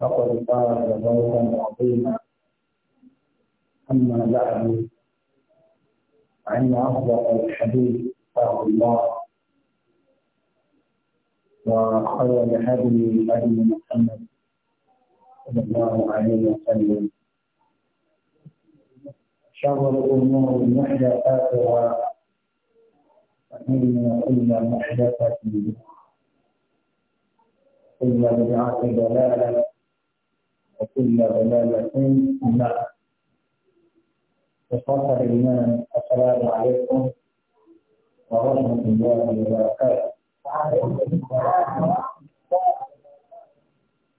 فقد قال قولا عظيما أما بعد فإن أصدق الحديث كتاب الله وخير الهدي هدي محمد صلى الله عليه وسلم شر الأمور محدثاتها فإن كل محدثة كل بدعة ضلالة وكل ضلالة في النار وصفر الإيمان السلام عليكم ورحمة الله وبركاته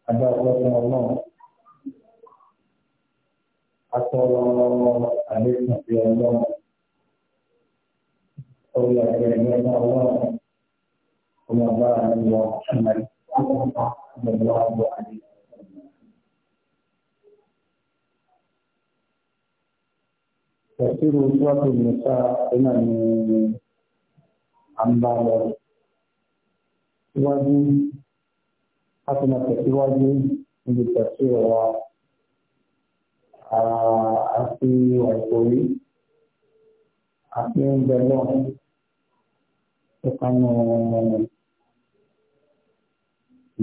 ada Allah Allah Assalamualaikum warahmatullahi wabarakatuh Allah Allah Allah Muhammad sallallahu alaihi tẹ̀síru sọ́ọ̀tù nìta iná ni à ń bá lọ. Síwájú, a ti máa tẹ̀síwájú níbi tẹ̀síru wa àti ọ̀pọ̀rí àti oúnjẹ náà tó kánú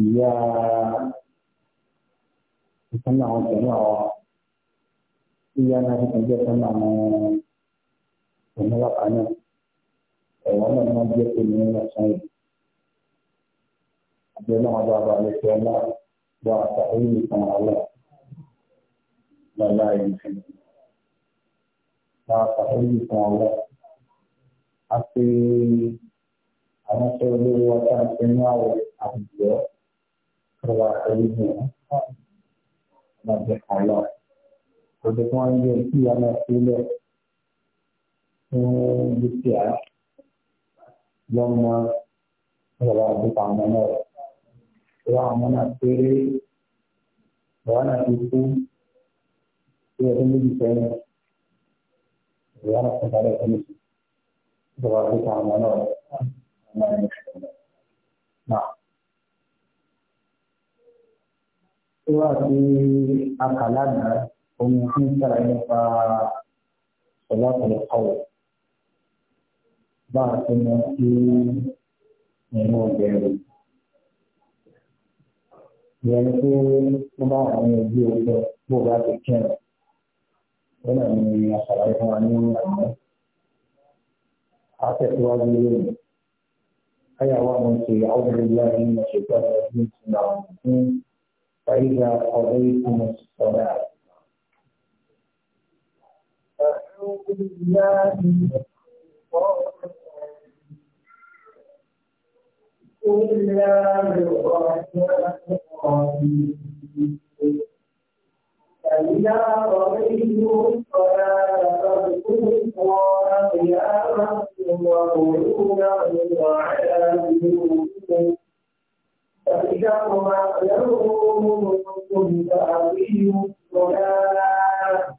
ìyá ìkànnì àwọn iya nanti kerja sama menolak anak orang eh, yang saya dia nak ada apa ni ini sama Allah dan lain bahasa ini sama Allah Asi anak saya dulu wajar kenal aku Nabi Allah ọ̀dọ̀ tí wọ́n ń jẹ́ kí a máa ṣe lẹ̀ fún dúkìá lọ́mọ ìjọba àdúgbò àwọn ọmọ rẹ̀. Ìwà àwọn ọmọ náà péré ìwà náà ti kú sí ọdún méjì sẹ́yìn. Ìwà náà fún ìbálẹ̀ ọdún méjì ìjọba àdúgbò àwọn ọmọ rẹ̀. Náà. Ìwà àti akàlà ohun tí ń sára nípa ọ̀la pẹ̀lú ọ̀wọ̀ bá a ti mọ sí ìrìn ọ̀bẹ̀rẹ̀. Ìyẹn ni pé wọ́n bá àwọn ẹbí ọjọ́ bó bá ti kẹ́rìn. Wọ́n náà ní àṣàlàyé fún wa ní àná. بالله من الله الرحمن الرحيم فإذا قضيتم الصلاة فاذكروا الله قياما وقعودا وعلى جنوبكم فإذا قضيتم فأقيموا الصلاة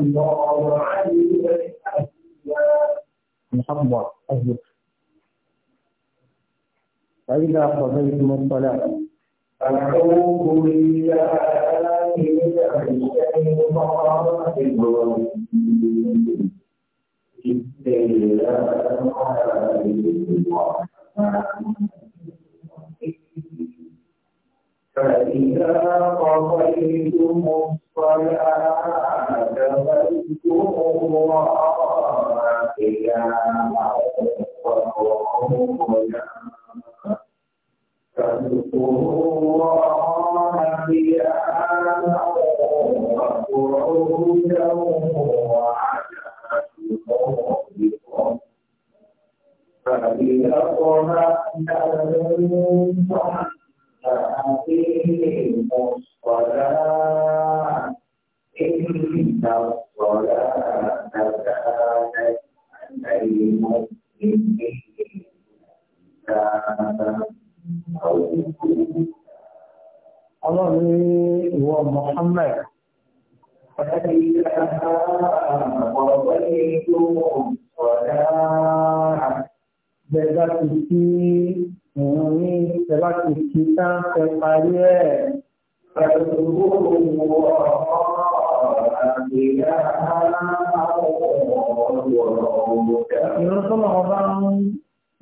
الله عليه محمد أهلك فإذا قضيتم الصلاة فاعوذوا بالله من الشيطان الرجيم بسم الله الرحمن فإذا قضيتم فلا تبذلهم راقيا وقولا فاذكروا الله قياما وقعودا وعلى جنوبكم فإذا اطمأنتم فأقيموا الصلاة إن الصلاة كانت على المؤمنين Ọlọ́run ní ìwọ Mọ̀hámẹ́d. Ọ̀dẹ́bí ìlànà ọ̀pọ̀ ìlú ọ̀dá. Bẹ̀dá ti sí Ini ní ẹ̀bá ti kí táǹkẹ́ parí ẹ̀ pẹ̀lú gbogbo ìwọ̀ ìran sọ́nà ọba ń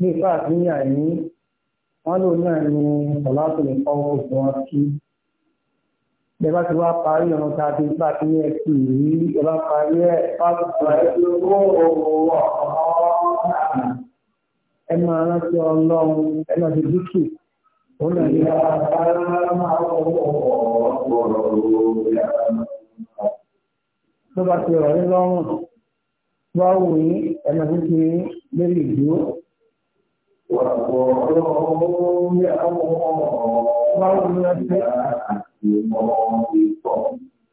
nípa àfihàn ní wọ́n lò náà ní ọ̀làtò lè kọ́ òkú wọn kí bẹ́ẹ̀ ti wá parí ọ̀nà tàbí bá ẹ máa rántí ọlọ́run ẹ máa ti dúkì òun náà ní tó bá ti rọ̀ ní lọ́rùn bá wù yín ẹ máa ti ṣe lórí ìdúró. Báwo ni wọ́n ṣe?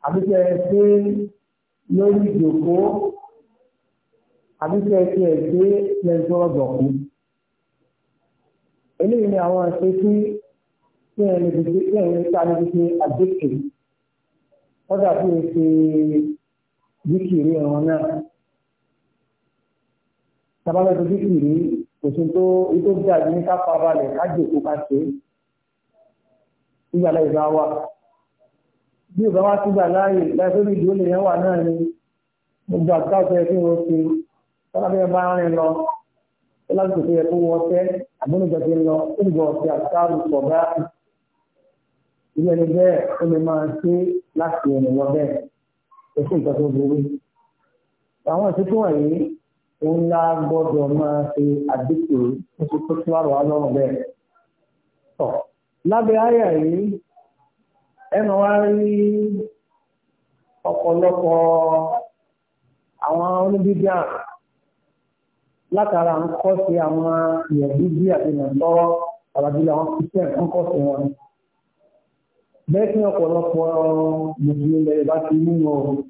Àbíkẹ́ ẹ ṣe lórí ìjòkó, àbíkẹ́ ẹ ṣe ẹ̀ ṣe lẹ́yìn tó rọ̀gbọ̀kú eléyìí ni àwọn ẹ̀ṣẹ́ tí wọ́n lè dìde tí wọ́n lè ta lè dìde àdékè wọ́n dàbí èsì díkìrì ẹ̀wọ̀n náà tabalẹ̀ tó díkìrì kò sí tó ikú bí àjẹ́ ní káfà balẹ̀ kájò kó ká ṣe ìgbàlá ìgbà wa bí ìgbà wa ti gbà láàyè láì tó dìde lè yẹn wà náà ni gbogbo àgbà ọ̀sẹ̀ tí wọ́n ṣe tọ́lá bí wọ́n bá rìn lọ ó lásìkò tó yẹ kó wọ ọtẹ àbónújọ ti ń lọ ó ń bọ ọtẹ àtàrù sọgá ilé ẹni bẹ́ẹ̀ ó lè máa ṣe láti ẹnu lọ bẹ́ẹ̀ kò sí nǹkan tó burú àwọn ìṣètò wọ̀nyí òun la gbọ́dọ̀ máa ṣe àdínkù oṣù tó tún àrò alọrùn bẹ́ẹ̀ tọ lábẹ́ àyà yìí ẹnu wa rí ọ̀pọ̀lọpọ̀ àwọn oníbíbí àrùn látara ń kọ́ sí àwọn ìyẹ̀bí bí àti nàìjọ́rọ́ àbájúlẹ̀ àwọn christian ń kọ́ sí wọn. bẹ́ẹ̀ sí ọ̀pọ̀lọpọ̀ mùsùlùmí lẹ́yìn bá ti mú wọn o.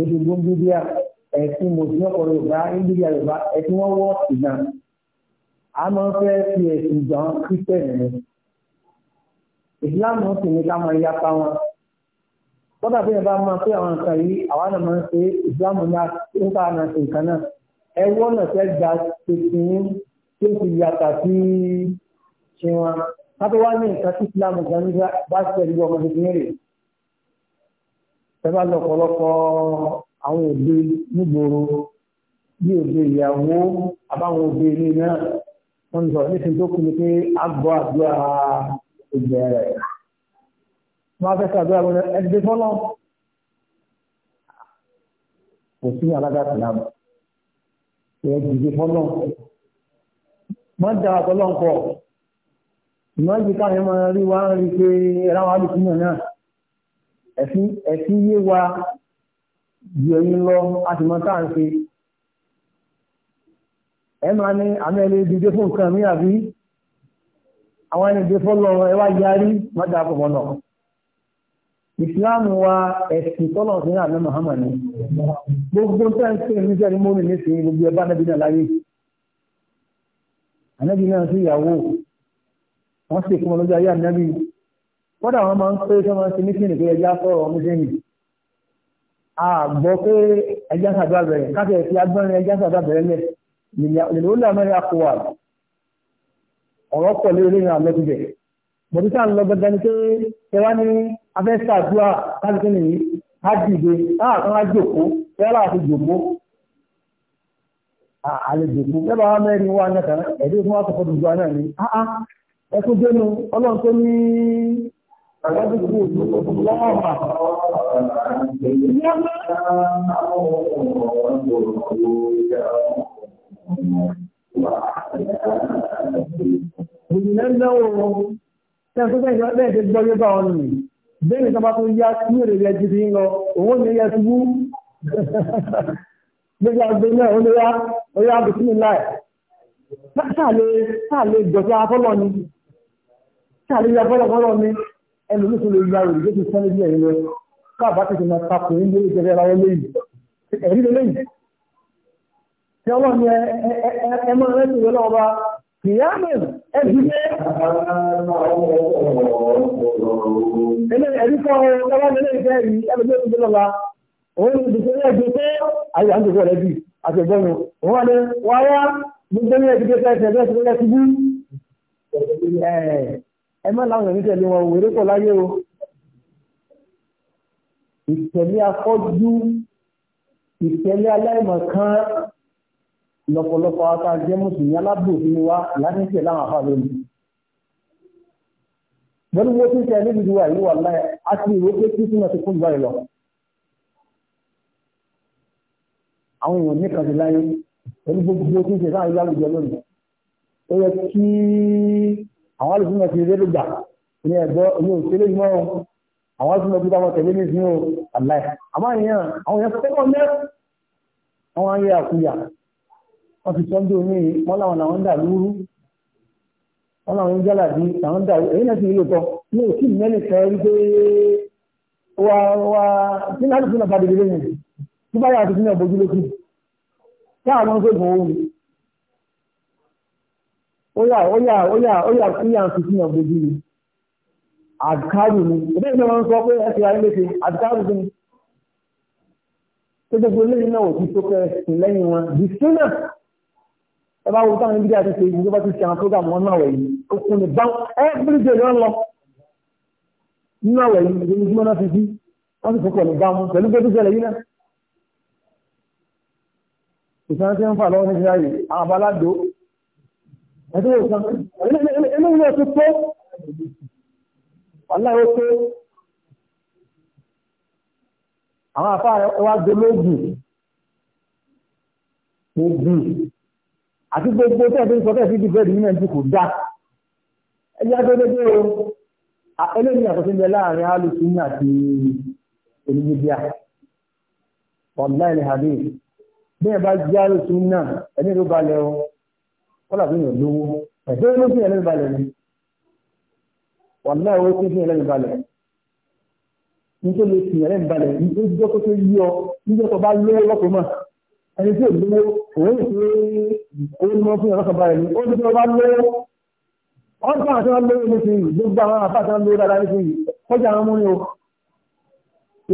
èdè gbogbo bí a ẹ̀sìn mùsùlùmí ọ̀pọ̀ yorùbá ìbílẹ̀ yorùbá ẹ̀sìn wọn wọ́ ìgbà. a máa ń fẹ́ fi ẹ̀sìn ìgbà wọn christian ni. ìsìláàmù sì ní ká máa yapa wọn. tọ́jà bí ẹ bá máa pé àwọn nǹkan yìí àwa náà máa ń ṣe ìsìláàmù náà ń ká náà nǹkan náà ẹwọ́ náà fẹ́ gba tuntun tí ó fi yàtà sí tiwọn káfí wá ní nǹkan tí ìsìlámù gan ní bá ṣe pẹ̀lú ọmọ tuntun rẹ̀ tẹ́lá lọ́pọ̀lọpọ̀ àwọn òde nígboro bí òde ìyàwó àbáwọn òde ilé náà wọ́n sọ nítorí tó kú ni pé a gbọ́ àdúrà ìbẹ̀rẹ̀ wọ́n á fẹ́ sàdúrà wọn ẹgbẹ́ fọ́lọ́ kò sí alága ìsìlámù ìwọ̀n dìde fọ́lọ́ má dára tọ́lọ́ pọ̀ ìmọ̀jì káyọ̀ máa rí wá ń rí pé ẹ̀rá lè kúmọ̀ náà ẹ̀sìn yé wa ju ẹ̀yìn lọ a sì mọ tá ń ṣe ẹ máa ní àmì ẹni dìde fún nǹkan mi àbí àwọn ẹni dìde fọ́lọ́ ẹ yarí má dára pọ̀ mọ́ ìsìláàmù wa ẹ̀sìn tọ́lọ̀ sí ní àná Muhammad ni gbogbo tó ń pè ní sẹ́ni mọ́rin nísìnyí gbogbo ẹ̀bá anábì náà láyé anábì náà sí ìyàwó wọ́n sì fún ọlọ́jọ́ ayé anábì kọ́dà wọn máa ń pé sọ́mọ́ sí mísìnì pé ẹja sọ̀rọ̀ ọmú sẹ́yìn àgbọ̀ pé ẹja sàdúrà bẹ̀rẹ̀ káfíẹ̀ sí agbọ́nrin ẹja sàdúrà bẹ̀rẹ̀ lẹ̀ lèlò ó lè amẹ́rẹ́ ha ha ń lọ ha ha pé ha ha ní ha àdúrà ha ha ha ha ha á jòkó ha ha láti jòkó ha ha ha ha ha mẹ́rin ha ha ha ẹ̀dí fún wa sọ̀kọ́ ha ha ni ha ha dénú ọlọ́run tó ní ha lọ́wọ́ mà. ha ha sẹ́yìn tó sẹ́yìn lẹ́yìn tó gbọ́ yé bá wọn nù bẹ́ẹ̀ ni sábà tó yá sí èrè rẹ̀ ju ti ń lọ òun ò ní yẹ ti wú gbogbo àgbẹ̀ náà ó lè wá orí àbùkù mi láì sáàlè ìjọsí afọ́lọ́ ni sáàlè ìyá fọ́lọ́fọ́lọ́ ni ẹnu ló tún lè ya rò ló ti sẹ́ni bí ẹ̀yin lọ káàbá tètè máa takò ní lórí ìjọba ẹ̀rọ lẹ́yìn ẹ̀rí lè lẹ́yìn tí ọlọ́run ẹ ẹ ẹ máa rẹ́sìn lọ́wọ́ bá kìí á mẹ́rin ẹgbẹ́ ẹgbẹ́ ẹ̀rí kọ́ ọlọ́mọlẹ́ ìfẹ́ rí ẹgbẹ́ ìgbẹ́ lọ́la òun ni ìdíkẹ́ ẹgbẹ́ pé àyè àǹtòkọ́ rẹ̀ bí àtẹ̀gbọ́nù òun wà ní wáyá gbogbo ní ẹgbẹ́ ẹgbẹ́ ẹgbẹ́ ẹgbẹ́ ti bú ẹ má láwọn ẹ̀mí tẹ̀lé wọn wèrè pọ̀ láyé o ìtẹ̀lé afọ́jú ìtẹ̀lé aláìmọ̀kan lọ́pọ̀lọpọ̀ ata jẹ́ mùsùlùmí alábòfin wa láti ṣe láwọn afá lónìí. Bọ́lú wo tún ṣe níbi ìdíwà yìí wà láyé, a ti rò pé kí túnmọ̀ ti kún jù báyìí lọ. Àwọn èèyàn nìkan ti láyé, pẹ̀lú gbogbo tí ń ṣe sáà láwùjọ lónìí. Ó yẹ kí àwọn alùpùpù ti rélé gbà ní ẹ̀gbọ́ ní òṣèlú yìí mọ́ àwọn alùpùpù ti bá wọn tẹ̀lé ní ìsìn o, àláyé. Àmọ́ wọ́n ti sọ́ńdé omi wọ́n láwọn làwọn ń dà lúrú wọ́n láwọn ń jálà bí làwọn ń dà èyí náà ti rí lóòótọ́ ní òkú mẹ́lì kan rí pé wà wà tí náà lùfún náà fàdébí lẹ́yìn tí bá yà àti sínú ọ̀bọ̀jú lókù táà lọ́n fẹ́ gbọ̀n òun ó yà ó yà ó ń fi sínú ọ̀bọ̀jú ni àdìkárù ni ìdí ìgbà wọn sọ pé ẹ ti ra ilé ṣe àdìkárù ni tó gbogbo lẹ́yìn náà òtún tó kẹ́ ẹ̀sìn lẹ́yìn wọn dìsínà ẹ bá wo táwọn ibi díẹ̀ àtúnṣe yìí tó bá ti ṣe àwọn program wọn náà wẹ̀ yìí ó kún ní bá every day lọ́n lọ nínú àwẹ̀ yìí ìdí ojúmọ́ náà fi bí wọ́n sì fọkàn ní bá wọn pẹ̀lú pé tó ṣẹlẹ̀ yìí náà. ìsan tí ń fà lọ́wọ́ nígbà yìí àwọn abaládò ẹ̀dọ́ ìsan eléyìí náà ti tó wàhálà ó tó àwọn àfa wa dolóògùn ogun àti gbogbo tẹ́ẹ̀tì ń sọ tẹ́ẹ̀tì ti bẹ́ẹ̀ nínú ẹni kò dá ẹjá tó dédé o eléyìí yàtọ̀ sí ń bẹ láàrin alùsùn àti onígbèdíà ọ̀nláìní àbí bí ẹ bá jẹ́ alùsùn náà ẹni ló balẹ̀ o kọ́lá tó yàn lówó ẹ̀sẹ̀ ló fi yàn lẹ́nu balẹ̀ ni ọ̀nláìwó tó fi yàn lẹ́nu balẹ̀ nítorí fi yàn lẹ́nu balẹ̀ nítorí jẹ́ kó tó yí ọ níjẹ́ ẹni tí òdúró òun ìpè owó ni wọ́n fún ọ̀rọ̀ kọba ẹni ó ní tí wọ́n bá lówó wọ́n bá àti wọn lówó ní ti yìí gbogbo àwọn àbá àti wọn lówó dáadáa ní ti yìí kọjá àwọn múni o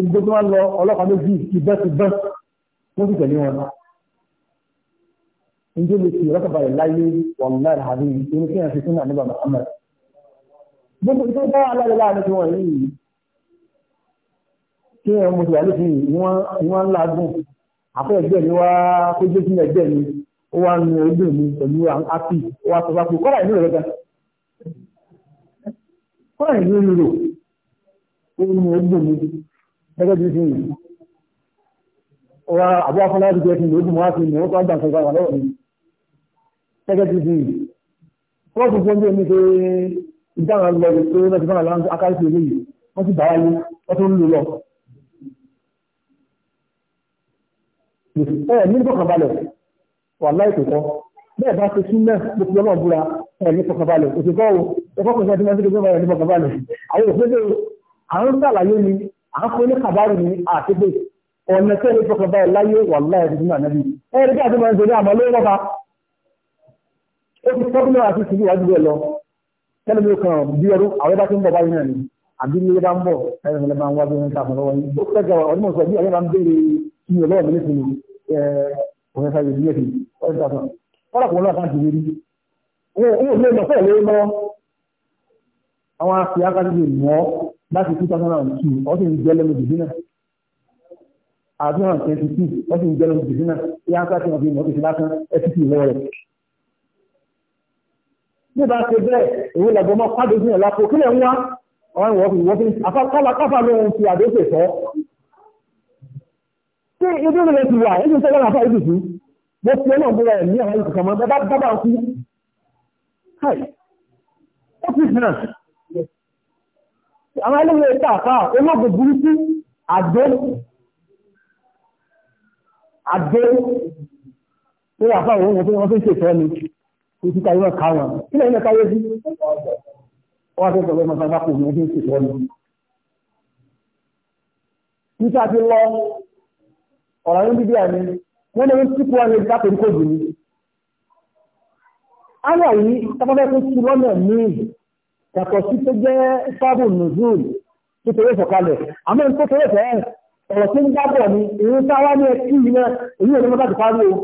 gbogbo tí wọ́n lọ ọlọ́pàá méjì ìbẹ́ ti bẹ́ wọ́n sì tẹ̀lé wọn. njẹ́ lè fi ọ̀rọ̀ kọba ẹ̀ láyé wàlúwàlú àbí ìpinnu kí wọ́n fi fún àníbà Muhammad. gbogbo tí bá aláàlẹ́ láàrin tí wọ́n yìí kí wọ́n mú àfẹ́ ẹgbẹ́ ni? wá kó jẹ́ sínú ẹgbẹ́ mi ó wá nu ojú mi pẹ̀lú àpì ó wá sọ wá pé kọ́lá ìlú rẹ̀ gan kọ́lá ìlú mi rò ó nu ojú mi gẹ́gẹ́ bí sìn yìí ó wá àbúrò afọláyà ti jẹ́ sìn lójú mọ́ á fi nù ó tó àgbà nǹkan ìgbà lọ́wọ́ mi gẹ́gẹ́ bí sìn yìí wọ́n ti fún mi pé ìdáhùn lọ pé wọ́n ti fún mi akáyọ̀ sí eléyìí ti bàá yé wọ́n tó ń lò lọ. ẹ ní fọkànbalẹ̀ wà láì tó kọ́ bẹ́ẹ̀ bá ṣe sí náà mo ti lọ́wọ́ búra ẹ ní fọkànbalẹ̀ òsì kọ́ o ẹ̀fọ́ kò sọ́ọ́ tí wọ́n ti gbé báyọ̀ ní fọkànbalẹ̀ àwọn òṣèlú à ń sàlàyé ni à ń fún ní kàbárù ní àtẹ́gbẹ́ ọ̀nà tẹ́lẹ̀ fọkànbalẹ̀ láyé wà láì tó náà nábì ẹ rí káàtó máa ń ṣe ní àmọ́ lówó bá ó ti tọ́ nínú àti ìṣèlú wájú bẹ́ẹ̀ lọ ń bọ̀ báyìí bá ń wá bí wọ́n ń ta àfọ̀lọ́wọ́ yìí ó fẹ́ gẹ̀rọ ọdún mọ̀ọ́sọ̀ bí ẹ̀rọ bá ń béèrè ní ti rí owó ilé ìlọ́fẹ́ àwọn afi akájúwe mọ́ láti two ọdún ìjẹ́ lẹ́nu dìbí náà ọdún ìjẹ́ lẹ́nu dìbí ń sáfihàn bí mọ́tò sí lásán lọ́wọ́ rẹ̀. nígbà tó bẹ́ẹ̀ èwe làgbọ́n pàdé sí lápò kílẹ̀ ń ṣé ibi ìlú ti wà ẹni tó lọ́nà àfáà ìdìbò mo fi ẹ náà búra ẹ̀ ní àwọn ìkọ̀kọ̀ mọ́ bá bá kú. ó ti sìnà àwọn ẹlẹ́wọ̀n ẹ̀ta àfáà olóògùn burúkú àdó àdó tó yà fáwọn ohun tó wọ́n fi ń ṣètò ẹni tó ti káyọ̀ káwọn kí lẹ́yìn ẹ̀ka yé sí wọ́n ti sọ̀rọ̀ ẹ̀ma fáfá kò ní ẹni ṣètò ẹni. Títà ti lọ ọ̀rọ̀ yóò bí bí àmì wọ́n lè tí kú ọ̀rẹ́ ìgbà pẹ̀lú kòjì ní. Ayà yìí tọ́pọ́fẹ́ tó ti lọ́nà míì yàtọ̀ sí tó jẹ́ sábò nùzùl tó tẹ̀lé ìsọ̀kalẹ̀. Àmọ́ tó tẹ̀lé ìfẹ́ ọ̀rọ̀ tó ń gbàgbọ́ ni èyí sáwá ní ẹtí yìí náà èyí ò ní mọ́tà ti parí o.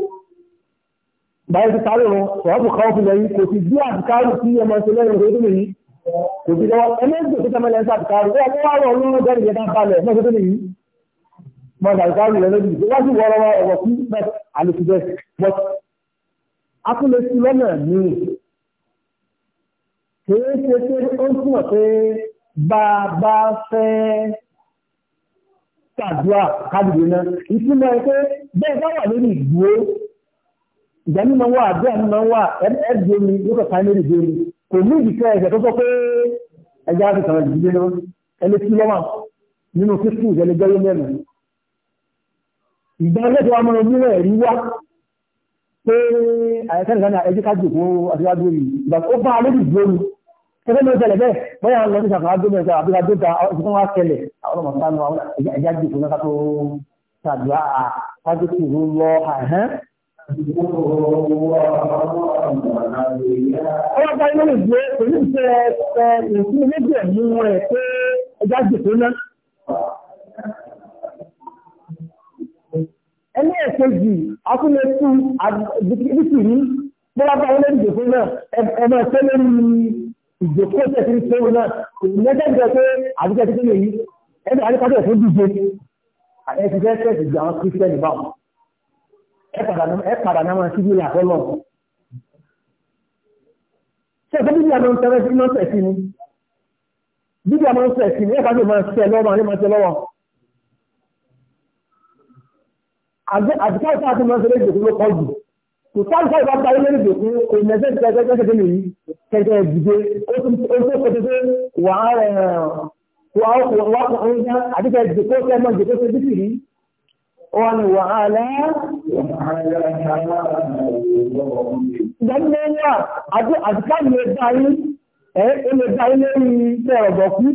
Báyọ̀ ti parí o, sọ̀rọ̀ bù káwọ́ fi lọ kò sì bí àbíkárù sí ọmọ ṣe lẹ́yìn ìwé tó yìí. Kò sì lọ ẹlẹ́gbẹ̀ẹ́ tó tẹ́mẹ́lẹ́ ń sàbíkárù. Ó yà kó wá rọ̀ mọ̀nà ìkárí rẹ̀ lójú ìgbé wájú wọ́n rọwọ́ ọ̀wọ̀ fún mẹ́t àlùfíbẹ́ but a tún lè sí lọ́nà míì kìí ṣe pé ó ń túmọ̀ pé bá a bá fẹ́ ṣàdúrà kádìdì náà ìtumọ̀ ẹ pé bẹ́ẹ̀ bá wà lórí ìdúró ìjà mímọ wà àdúrà mímọ wà ẹgbẹ́ mi lókọ̀ primary day mi kò ní ìdíkẹ́ ẹ̀jẹ̀ tó sọ pé ẹ̀jẹ̀ á ti sọ̀rọ̀ ìdílé náà ẹni lọ́wọ́ nínú fífún ìjẹ́lẹ́gbẹ́rẹ́ mẹ́rin ìgbà lẹ́tọ̀ọ́ ọmọ ìlú ẹ̀rí wá pé àyẹ̀kẹ́ni kan ní ẹjú ká jòkó aṣíwájú rí ìgbà ó bá lórí ìdúró ni kẹ́kẹ́ ló ṣẹlẹ̀ bẹ́ẹ̀ bóyá lọ sí ṣàkàrà gbé mẹ́ta àbí ká dóta ọ̀sùn kan wá ṣẹlẹ̀ àwọn ọmọ sanu àwọn ẹja jòkó náà ká tó ṣàdúrà àkájọ kì í lọ àhán. ọwọ́ bá ilé ìgbé pẹ̀lú ìṣe ẹ̀ ìṣúnilẹ́gbẹ̀ẹ́ mú rẹ̀ ẹni ẹ̀kejì akúlẹ̀kú àdìsírí bọ́lápá wọlé ìjòkó náà ẹ̀mọ ẹ̀kọ́ lórí ìjòkó tẹ̀sí tó náà kò ní ẹjẹ́ ìjọ pé àdìsẹ́ tó lè yí ẹni àdìsẹ́ tó dìje ẹ̀sì fẹ́ tẹ̀sí ju àwọn kírísítẹ́nì bá wọn ẹ̀ padà náà sí ní ìlàkọ́ náà ṣe ẹ̀kọ́ bíbí àmọ́ tẹ̀sí ní bíbí àmọ́ tẹ̀sí ní ẹ̀ka tó máa ń tẹ̀ lọ́wọ́ àdìkọ́ ìfẹ́ àti mọ́sẹ̀lẹ̀ ìgbèkùn ló kọjú kò sáàlùfẹ́ ìbá parí lórí ìgbèkùn ìmẹ̀sẹ̀ ìgbẹ́gbẹ́gbẹ́ nìyí kẹ̀kẹ́ ìdíje ó tún kọ́tẹ́fẹ́ wà á rẹ̀ wà á rẹ̀ àdìkọ́ ìgbèkùn ó tẹ́mọ̀ ìgbèkùn ṣe bísì rí wọn ni wà á lẹ́ ìdánilẹ́yà àdìkọ́ ìlẹ̀ darí ẹ̀ ilẹ̀ darí lórí iṣẹ́ ọ̀gọ̀kú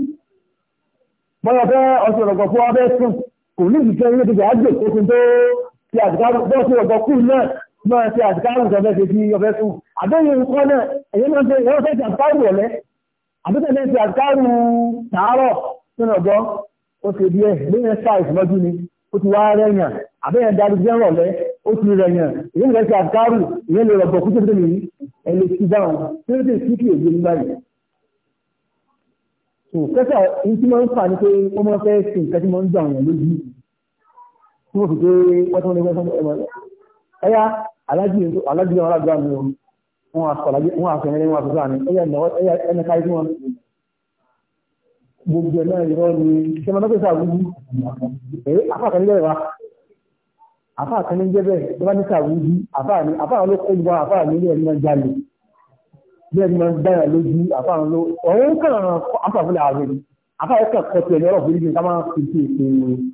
bọ́yọ̀ fẹ́ ọ̀sẹ̀ ọ̀gọ̀kú wa fẹ́ sùn kò ní ìdíje ilé ti àdìkárù bọ́ sí ọ̀gbọ̀ kú náà máa ti àdìkárù ìjọba ṣe fi ọ̀fẹ́ fún àbẹ́yẹ nǹkan náà èyí máa ń ṣe ìrọ́fẹ́ ti àdìkárù ọ̀lẹ́ àbẹ́tẹ̀lẹ́ ti àdìkárù tààrọ̀ nínú ọ̀gbọ́ ó ṣe díẹ̀ lẹ́yìn ṣáìs lọ́jú ni ó ti wá rẹ̀yàn àbẹ́yẹ darí jẹ́ rọ̀lẹ́ ó ti rẹ̀yàn èyí lè ṣe àdìkárù ìyẹn lè rọ̀gbọ̀ kú tẹ́tẹ́ nìyí ẹ lè ti dáhùn tẹ́tẹ́ sí kí èyí ní báyìí kẹsà ní tí wọ́n ń fà ní pé wọ́n máa fẹ́ ṣe nǹkan tí wọ́n ń gbà tí wọ́n fi pé wọ́n tún lé wọ́n tún ẹ̀mọ́ ẹ̀yà alájùlé wọn aládùúgbò àmì wọn wọn àfẹnẹ́lẹ́ wọn àfẹsọ́ àmì ẹ̀yà ẹ̀nà káyé tí wọ́n gbogbo ẹ̀ náà ìrọ́ ni ṣé wọn lọ́pẹ́ sàwùjú ẹ̀ afáàkàn níjẹ́ bẹ́ẹ̀ afáàkàn níjẹ́ bẹ́ẹ̀ tó bá ní sàwùjú afáàní afáàní ló kó ìwà afáàní ilé ẹ̀ ní wọn jalè bí ẹni máa ń dáyà ló ọ̀hún kàn án afáàfúnlẹ̀ ààrẹ afáàní ní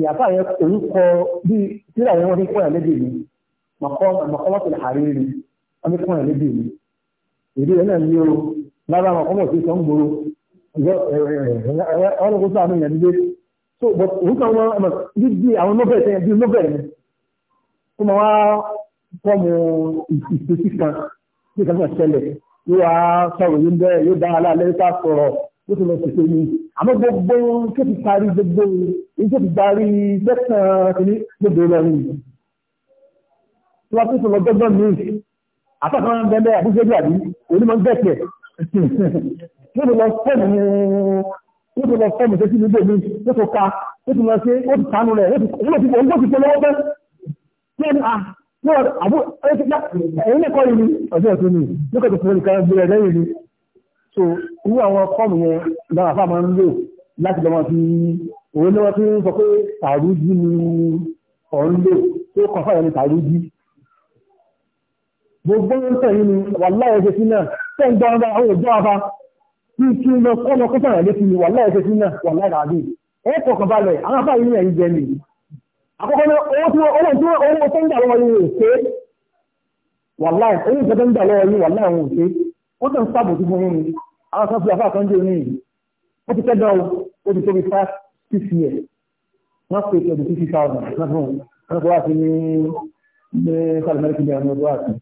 ìyàtọ̀ yẹn orúkọ bí tíra yẹn wọ́n fi kọ́ ẹ̀ lédè mi mọ̀kọ́mọ́tò àrírí wọ́n fi kọ́ ẹ̀ lédè mi èdè yẹn náà ní o lára mọ̀kọ́mọ́ sí sọ ń gbòòrò ọ̀rọ̀ kó sáà yẹn dídé so but orúkọ wọn ọmọ dídí àwọn nobel sẹ́yìn bíi nobel ni tó máa wá kọ́ mu ìpèsè kan bí kan náà ṣẹlẹ̀ yóò wá sọ̀rọ̀ yóò bẹ́ẹ̀ yóò dá aláàlẹ́ ló ti lọ ṣètò yìí àmọ́ gbogbo tó ti parí gbogbo èyí tó ti parí lẹ́sàn-án kìíní gbogbo lọ rí i. tí wọ́n tún sọ lọ́gbọ́n mi àtàkùn máa ń bẹ́ẹ̀ àbújá bí àbí òní máa ń bẹ́ẹ̀ kẹ̀. ló ti lọ fọ́ọ̀mù ló ti lọ fọ́ọ̀mù tó ti ní gbèmí ló ti ka ló ti lọ ṣe ó ti sànù rẹ̀ ó ti òun kò ti polówó pẹ́. kí ni a ní ọ̀rọ̀ àbú ẹ̀yìn nìkan yìí ni ọ̀sẹ̀ ọ̀sẹ̀ ni ló kẹ́ so irú àwọn fọ́ọ̀mù yẹn lára fáwọn máa ń lò láti lọ́wọ́ fi òwe lọ́wọ́ tí ń sọ pé tàrújí ni ọ̀ ń lò tó kàn fáwọn ní tàrújí gbogbo ń tẹ̀yìn ni wàláyé ṣe sí náà tẹ́ ń gbọ́n bá àwọn òjò àbá kí kí lọ kọ́nà kó sàrẹ̀ létí ni wàláyé ṣe sí náà wàláyé ràdí ẹ kọ̀ọ̀kan balẹ̀ àwọn àbá yìí ẹ̀yìn jẹ nìyí àkọ́kọ́ náà owó tí wọ́n tí wọ́n owó tó ń gbà lọ́wọ́ yìí ò ṣe wàláyé owó tó ń gbà lọ́wọ́ yìí wàláyé òun ò ṣe ó tẹ̀ ń sábòtú fún yín ni àwọn kan fi àfa kan dé oní yìí ó ti kẹ́dọ̀ ó ti tóbi five six years wọ́n pè é fifty thousand náà fún un wọ́n kọ́ wá ní ní sàlùmẹ́rìkì ní ọdún àti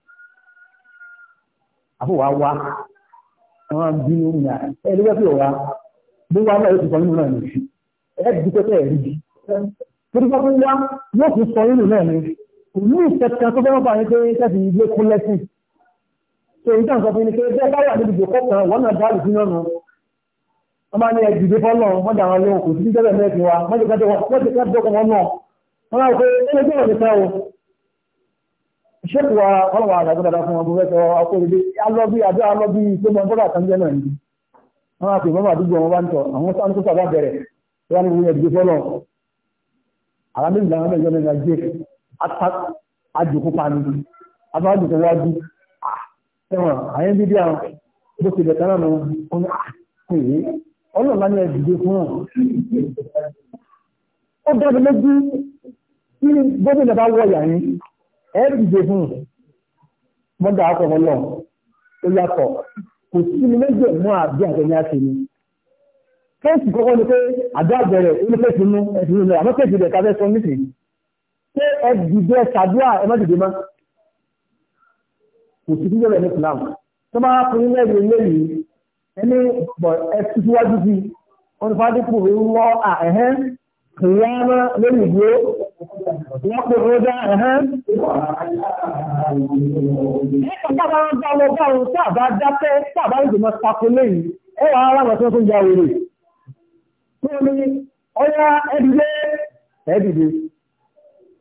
àfọwà wá wọ́n á bí ní ìyá ẹ ló wẹ́pẹ́ wá bó wá náà yóò ti sọ náà nìyí ẹ ti pẹ́pẹ́ rí i torí wọ́n fún wa yóò fi sọ náà ni òun ní ìfẹ́ tó ń tàn sọ fún ní pé bẹ́ẹ̀ bá wà níbi ìjòkó kan wọ́n náà dáàlù sí náà wọ́n máa ní ẹ̀jì dé fọ́lọ́ wọ́n dà wọn lóhùn kò sí ní tẹ́lẹ̀ mẹ́rin wa wọ́n ti ká dọ́kọ̀ wọn náà wọ́n máa ń pé ẹgbẹ́ tí wọ́n ti fẹ́ o ṣéèkù wa ọlọ́wà àgbàgbọ́ dáadáa fún ọgbọ́n fẹ́ẹ́ sọ akóredé alọ́bí àbí alọ́bí tó mọ bọ́dà kan jẹ́ náà ni wọ́n máa pè mọ́mọ́ àdúgbò wọn bá ń tọ̀ àwọn sáà ń tó ẹwọ̀n àyẹ́ bíbí àwọn bó ti lẹ̀ka náà wọn ah, kò yé ọlọ́ọ̀lá ni ẹ̀dìdì fún wọn. ó dábẹ́ lójú ní gómìnà bá wọ ìyá yín ẹ̀ẹ́dìdì fún wọn. wọ́n dà á kọ̀ ọ́ lọ ó yàtọ̀ kò sí ní méjì mú àbí àtẹ̀yìn àti ni. kéèsì kọ́kọ́ ni pé àbí àbẹ̀rẹ̀ oníkẹ́sì mú ẹ̀sìn ìlú àmọ́ kéèsì rẹ̀ káfẹ́ sọ nísìnyí. pé ẹ̀dìdì ẹ̀ kò sí bí lọ́rẹ̀ ní Islam tó máa fún ilé ìwé lẹ́yìn ẹni bọ̀ ẹ ti síwájú sí wọn fà dípò wíwọ́ àhẹ́ kìíyàmá lórí ìgbé wọ́n pè ó dá ẹ̀hẹ́ ẹ̀kọ́ bá wọn bá wọn bá wọn tí àbá dápẹ́ tí àbá ìdè mọ́ sako lẹ́yìn ẹ wà á láwọn tó ya wèrè tí wọ́n ọyá ẹ̀dìdé ẹ̀dìdé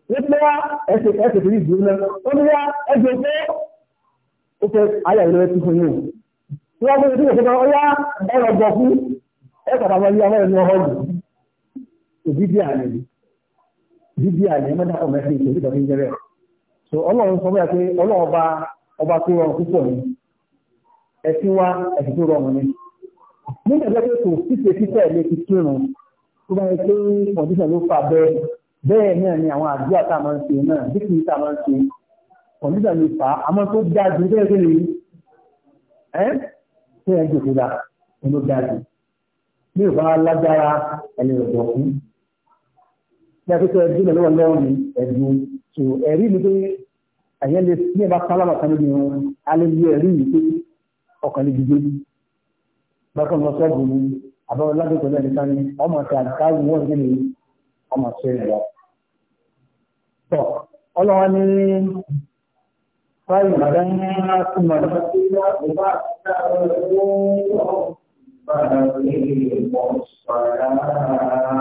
wọ́n ti wá tó ní ìdúró náà wọ́n ti wá ẹ̀sẹ̀ fẹ́ ayé ìlú ẹ̀ tí fún yóò tí wọ́n fẹ́ ìdílé fún ọyá ẹ̀rọ gbọ̀ fún ẹ̀kọ̀dà wọn yí ọmọ ẹ̀mí ọhọ́ jù òbíbí àná bíbí àná ẹ̀mọ́dà so ọlọ́run sọ pé ọlọ́run ọba tó rọrùn púpọ̀ ni tó rọrùn a máa a máa ń kọ̀mítà lè fà á àmọ́ tó dáa jù bẹ́ẹ̀ kí ni ẹ́ tí ẹ jòkó dá ẹ ló dáa jù bí ìfà lágbára ẹni ọ̀dọ̀ kú bí a pẹ́kẹ́ ẹdún lọ́wọ́ lọ́wọ́ mi ẹ̀dùn tó ẹ̀rí mi pé ẹ̀yẹ́ lè ní ẹ̀bá sálámà kan níbi wọn a lè yí ẹ̀rí mi pé ọkàn lè dìde bákan lọ sọ́ọ̀bù mi àbáwọn lágbègbè pẹ̀lú ẹ̀nìkan ni ọmọ tẹ àdìkáwù wọn kí ni ọmọ tẹ ẹ̀rọ. ọlọ́wọ́ ní فلما تمرتنا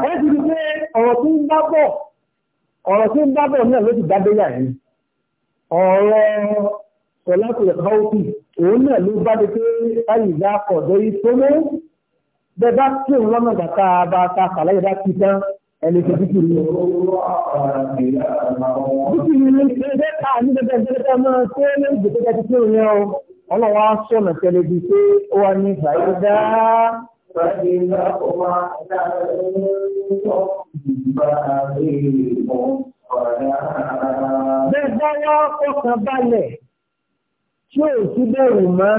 Ẹ ti di pé ọ̀rọ̀ tí ń bá bọ̀, ọ̀rọ̀ tí ń bá bọ̀ náà ló ti dábéyà yìí. Ọ̀rọ̀ Ṣọ̀láṣì Ẹ̀káwókì, òun náà ló bá di pé ayì ìdá kọ̀dọ̀ yìí tó mú. Bẹ́ẹ̀ bá kí òun lọ́nà bàtà bá ta kàlàyé bá ti tán, ẹni tó dúkù ní dúkù ní ilé ká ní bẹ́ẹ̀ bẹ́ẹ̀ bẹ́ẹ̀ máa ṣe é lóògùn tó kẹ́kẹ́ tó yẹn o ọlọ́wọ́ á sọ̀nà tẹ́lẹ̀ bíi pé ó wà ní ìfàyè dáa. Bẹ́ẹ̀ bá wá ọkàn balẹ̀ tí ò sí bẹ̀rù mọ́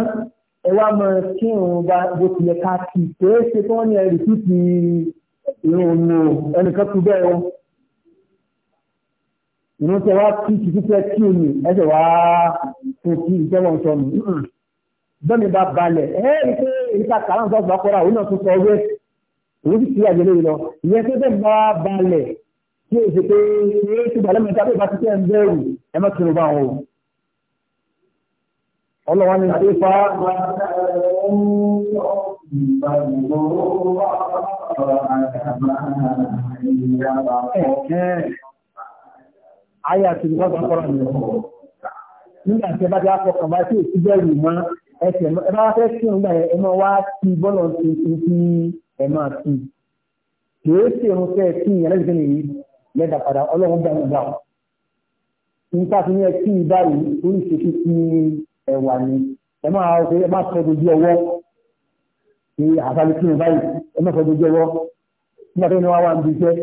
ẹ wá máa kírun bó tilẹ̀ ká kì í pé ṣe kí wọ́n ní ẹrù títí ìrìn òní o ẹnìkan tún bẹ́ẹ̀ wọn ìrìn tẹ wá kí títẹ́ kí o ní ẹsẹ̀ wá tó kí ìtẹ́ wọn sọ nù bẹ́ẹ̀ni bá balẹ̀ ẹ ẹ́ rí pé ìta kàrán sọ́ọ̀sì akọ́ra òun náà tún sọ wẹ́ òun sì ti àjẹ lórí lọ ìyẹn tó bẹ́ẹ̀ bá balẹ̀ kí o ṣe pé ṣe é ṣe balẹ̀ mẹ́ta bí ìbá ti tẹ́ ẹ ń bẹ́ẹ̀rù ẹ má kí o bá wọn o ọlọ́wọ́n ní tó fá ayé àti ìgbọ́gbọ́n kọ́rọ̀ ní ọ̀pọ̀ nígbà tí ẹ bá ti wá fọkàn bá tí ò sí bẹ́ẹ̀ mọ́ ẹsẹ̀ ẹ bá wá fẹ́ kí òun báyẹn ẹ máa wá sí bọ́ọ̀lù tuntun tí ẹ máa sí kìí ṣe irun fẹ́ kí ìyẹn lẹ́sìn nìyí lẹ́dà padà ọlọ́run gbà ń gbà ń ká fi ní ẹ kí ìbáyìí oríṣiríṣi ẹwà ni ẹ máa ṣe ẹ máa sọ dojú ọwọ́ ṣe àfàlùkì báyìí ẹ máa sọ dojú ọwọ́ nígbà tó ní wá wà ń bí iṣẹ́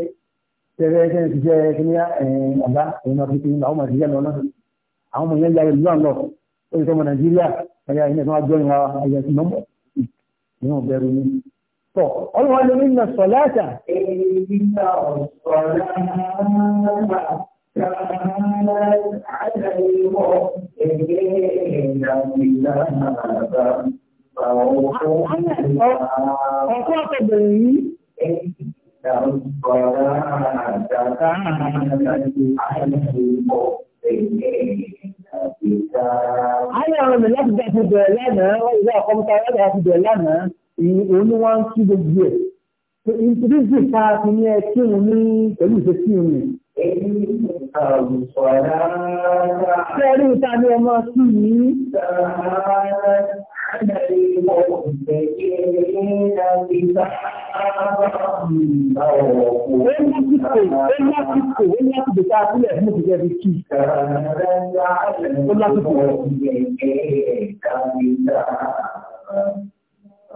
tẹ́lẹ̀ kẹ́hìn ti jẹ́ kí ní ọ̀gá ẹ̀yìn náà fi kí àwọn ọmọ ìṣiṣẹ́ lọ náà àwọn ọmọ yẹn ya ìlú àlọ́ ó ti sọ ọmọ Nàìjíríà ẹ̀yà ìyẹn tó wá jọ ìwà ẹ̀yà ìsìn nọ́mbọ̀ ìyẹn ò bẹ̀rù ni. tọ ọlọ́wọ́ lórí ìnà sọ̀láṣà. èyí ń ta ọ̀sọ̀rọ̀ كانت عليهم سبيلا كتابا Ọkọ́ ọ̀tọ̀bẹ̀rẹ̀ yìí. Ìjọba àjàkà àti àìsíkò Ayé àwọn ọmọ láti dá ti bẹ̀rẹ̀ lánàá, wọ́n ìlú àkọ́mọ́ta láti dá ti bẹ̀rẹ̀ lánàá, ìwọ̀n ni wọ́n ń kí gbogbo ẹ̀. Ìtìdí sì ká fi ní ẹ kírun ní pẹ̀lú ìṣesí ìrìn. Fẹ́rí ìta ni ọmọ sí ní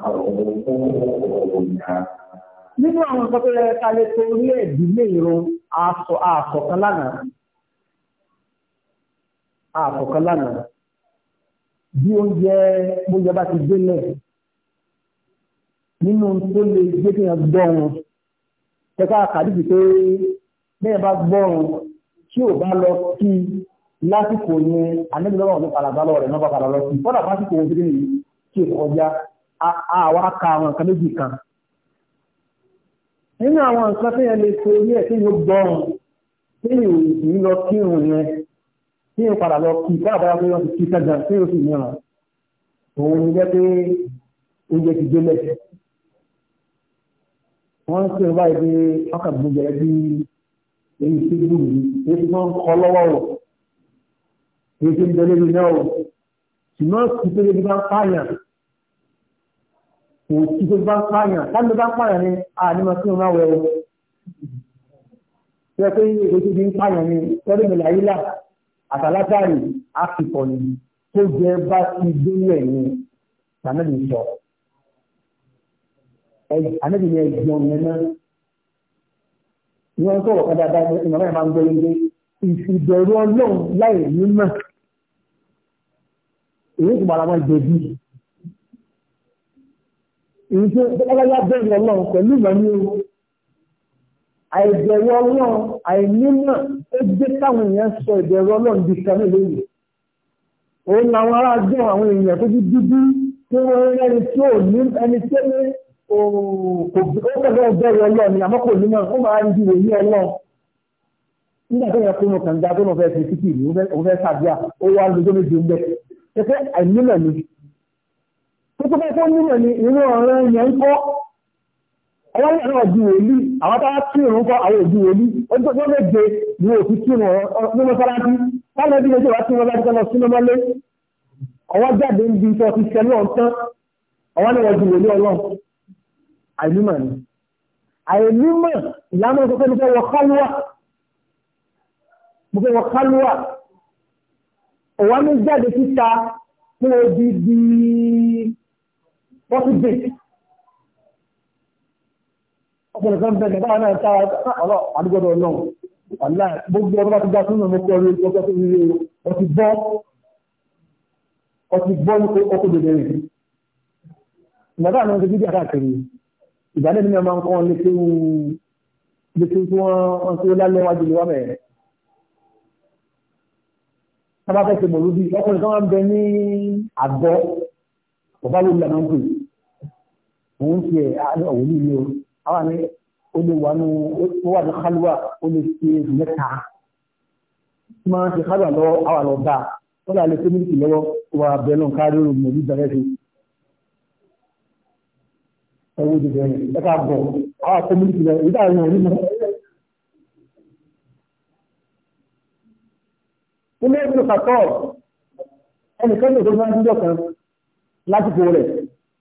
Àwọn ọmọ òun náà nínú àwọn nǹkan tó yẹ ká lè tó orí ẹ̀dílé ìrun aṣọ àkọ̀kan lánàá àkọ̀kan lánàá bí oúnjẹ bóúnjẹ bá ti délẹ̀ nínú tó lè gbé kí wọn gbọ́run tẹ́ka àkàdìsí pé bẹ́ẹ̀ bá gbọ́run tí ò bá lọ kí lásìkò yẹn anábìlọ́wọ́ ọ̀dún kàlàbálọ̀ rẹ̀ náà bá kàlàbálọ̀ sí fọ́dà fásitì òun ti kọjá àwa ka àwọn nǹkan méjì kan nínú àwọn nǹkan tó yẹ lè ṣe orí ẹ̀ tí yóò gbọ́rùn tí yóò sì lọ kírun yẹn tí yóò padà lọ kí ká àbára pé wọ́n ti kí sẹ́gbà tí yóò sì mìíràn òun ni jẹ́ pé oúnjẹ ti délẹ̀ wọ́n ń sèrè báyìí pé ọkà gbogbo ẹ̀ bí èyí tí gbùgbù èyí tí wọ́n ń kọ́ lọ́wọ́ rọ̀ èyí tí ń bẹ lórí náà ṣùgbọ́n kí pé ebi bá ń pààyàn kò tí tó bá ń pààyàn láti bá ń pààyàn ni ànímọ̀ kí wọ́n máa wẹ̀ ọ́. Ṣé pé èdè tó di ń pààyàn ni lọ́dún ìlà ìlà àtàlágbàrì àfikọ̀ ni tó jẹ́ bá ti gbélé ẹ̀yìn sàmẹ́lì sọ. Àmẹ́lì ni ẹ̀jọ̀n mi náà. Ìwọ́n sọ̀rọ̀ kan dáadáa ní ìmọ̀ràn yẹn máa ń gbé lóde. Ìfìbẹ̀rù ọlọ́run láì ní mọ̀. Èyí ti mọ̀ àwọn èyí tó ọlọ́lá bẹ̀rẹ̀ ọlọ́run pẹ̀lú ìmọ̀ní ewu àìbẹ̀rù ọlọ́run àìnímọ̀ ó gbé káwọn èèyàn sọ ìbẹ̀rù ọlọ́run di kan nílé yìí òun làwọn ará gbọ́n àwọn èèyàn tó ti dúdú tí wọ́n rí ẹni tí ò ní ẹni tí ó ní kò kẹ́kẹ́ bẹ̀rù ọlọ́run ni àmọ́ kò ní mọ̀ ó máa ń di òní ọlọ́run nígbà tó yẹ kó mo kàn ga tó mo fẹ́ fi títì ìlú mo fẹ́ sàbíà ó wá lójó méje ń bẹ̀ ṣe àìnímọ̀ ni Títí bá tó nínú ni ìrú ọ̀rọ̀ ẹ̀yẹ ń kọ́. Àwọn ìrìn ọ̀dù wòlí, àwọn tá kí ìrún kọ́ àwọn òdù wòlí, ọjọ́ tó méje ni òkú kí ìrún ọ̀rọ̀ ní mọ́sálásí. Táwọn ẹbí méjì wá tí wọ́n bá ti lọ sínú mọ́lé. Ọwọ́ jáde ń bi ìtọ́ ti ṣẹlú ọ̀tán. Àwọn ìrìn ọ̀dù wòlí ọlọ́run. Àìlúmọ̀ ni. Àìlúmọ̀ ìlànà ìkọ́kọ́ ni fẹ́ wọ kálúwà. Mo fẹ́ wọ kálúwà. Òwá mi jáde síta fún odidi wọ́n tún gbé ọkùnrin kan bẹ̀rẹ̀ báwọn náà tára ọ̀rọ̀ àdúgbọ́dọ̀ náà wàlá gbogbo ọdún bá ti dá sínú ọmọ kọrin ọjọ́ tó rí ọtí gbọ́ ọtí gbọ́ ní ọkọ̀ bèbè rẹ̀ ìgbàdá àwọn ọmọdé bíbí àkàkiri ìgbàdá mi máa ń kọ́ létí létí tí wọ́n tí ó lálẹ́ wájú lè wá bẹ̀rẹ̀ sábà fẹ́ ṣe mọ̀lúbí ọkùnrin kan wá ń bẹ ní àgọ́ ọ̀bá ló lànà ń pè é òun ti ẹ̀ àwọn òní ni o àwọn àmì ó lè wà nù ó wà ní kálíwà ó lè ṣe mẹ́ta tí máa ń ṣe kálíwà lọ́wọ́ àwọn àlọ́ bá ó lè ṣe mílíkì lọ́wọ́ wà bẹ́ẹ̀ náà kárí òun mọ̀ ní ìbẹ̀rẹ̀ fi ẹwọ́ ìdìbò yẹn ẹ ká bọ̀ àwọn àkó mílíkì lọ́wọ́ ìdá àwọn òní mọ̀. ilé ìgbésàtọ̀ ẹnìkan ní ìgbésàtọ̀ kan lásìkò rẹ̀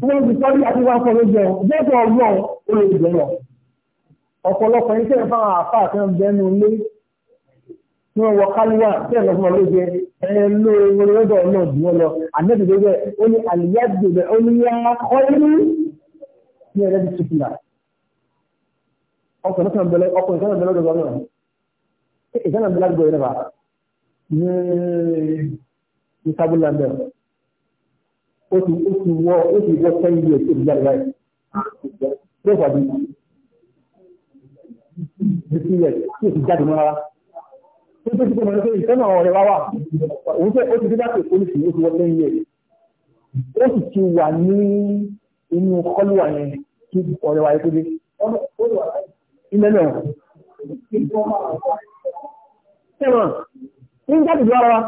wọ́n ti sọ́rí àti wọ́n sọ lójú ẹ̀wọ̀n gbọ́dọ̀ ọlọ́run ó lè bẹ̀rẹ̀ ọ̀pọ̀lọpọ̀ yín tẹ̀ fáwọn àfà àti ọ̀bẹ́nu ilé tí wọ́n wọ káríwá tẹ̀ lọ fún ọ lójú ẹ ló orí lọ́dọ̀ náà jù wọ́n lọ àdébìdé bẹ́ẹ̀ ó ní àlìyá gbèbẹ̀ ó ní yá kọ́ inú ní ẹ̀rẹ́ ti tukùlà ọkùnrin kan bẹ̀rẹ̀ ọkùnrin kan bẹ̀rẹ̀ lọ́dọ̀ náà ìkànnà bẹ̀rẹ̀ lọ́dọ̀ náà ní ó ti ó ti wọ ó ti wọ ten years ó ti jáde láì ló fàbí fifty years ó ti jáde mọ́ra ó ti tó mọ̀ pé ìfẹ́ náà ọ̀rẹ́ wá wà òun fẹ́ ó ti dé láti polisi ó ti wọ ten years ó sì ti wà ní inú kọ́lùwà yẹn kí ọ̀rẹ́ wa yẹ kó dé ilẹ̀ náà ṣé ń jáde lọ́wọ́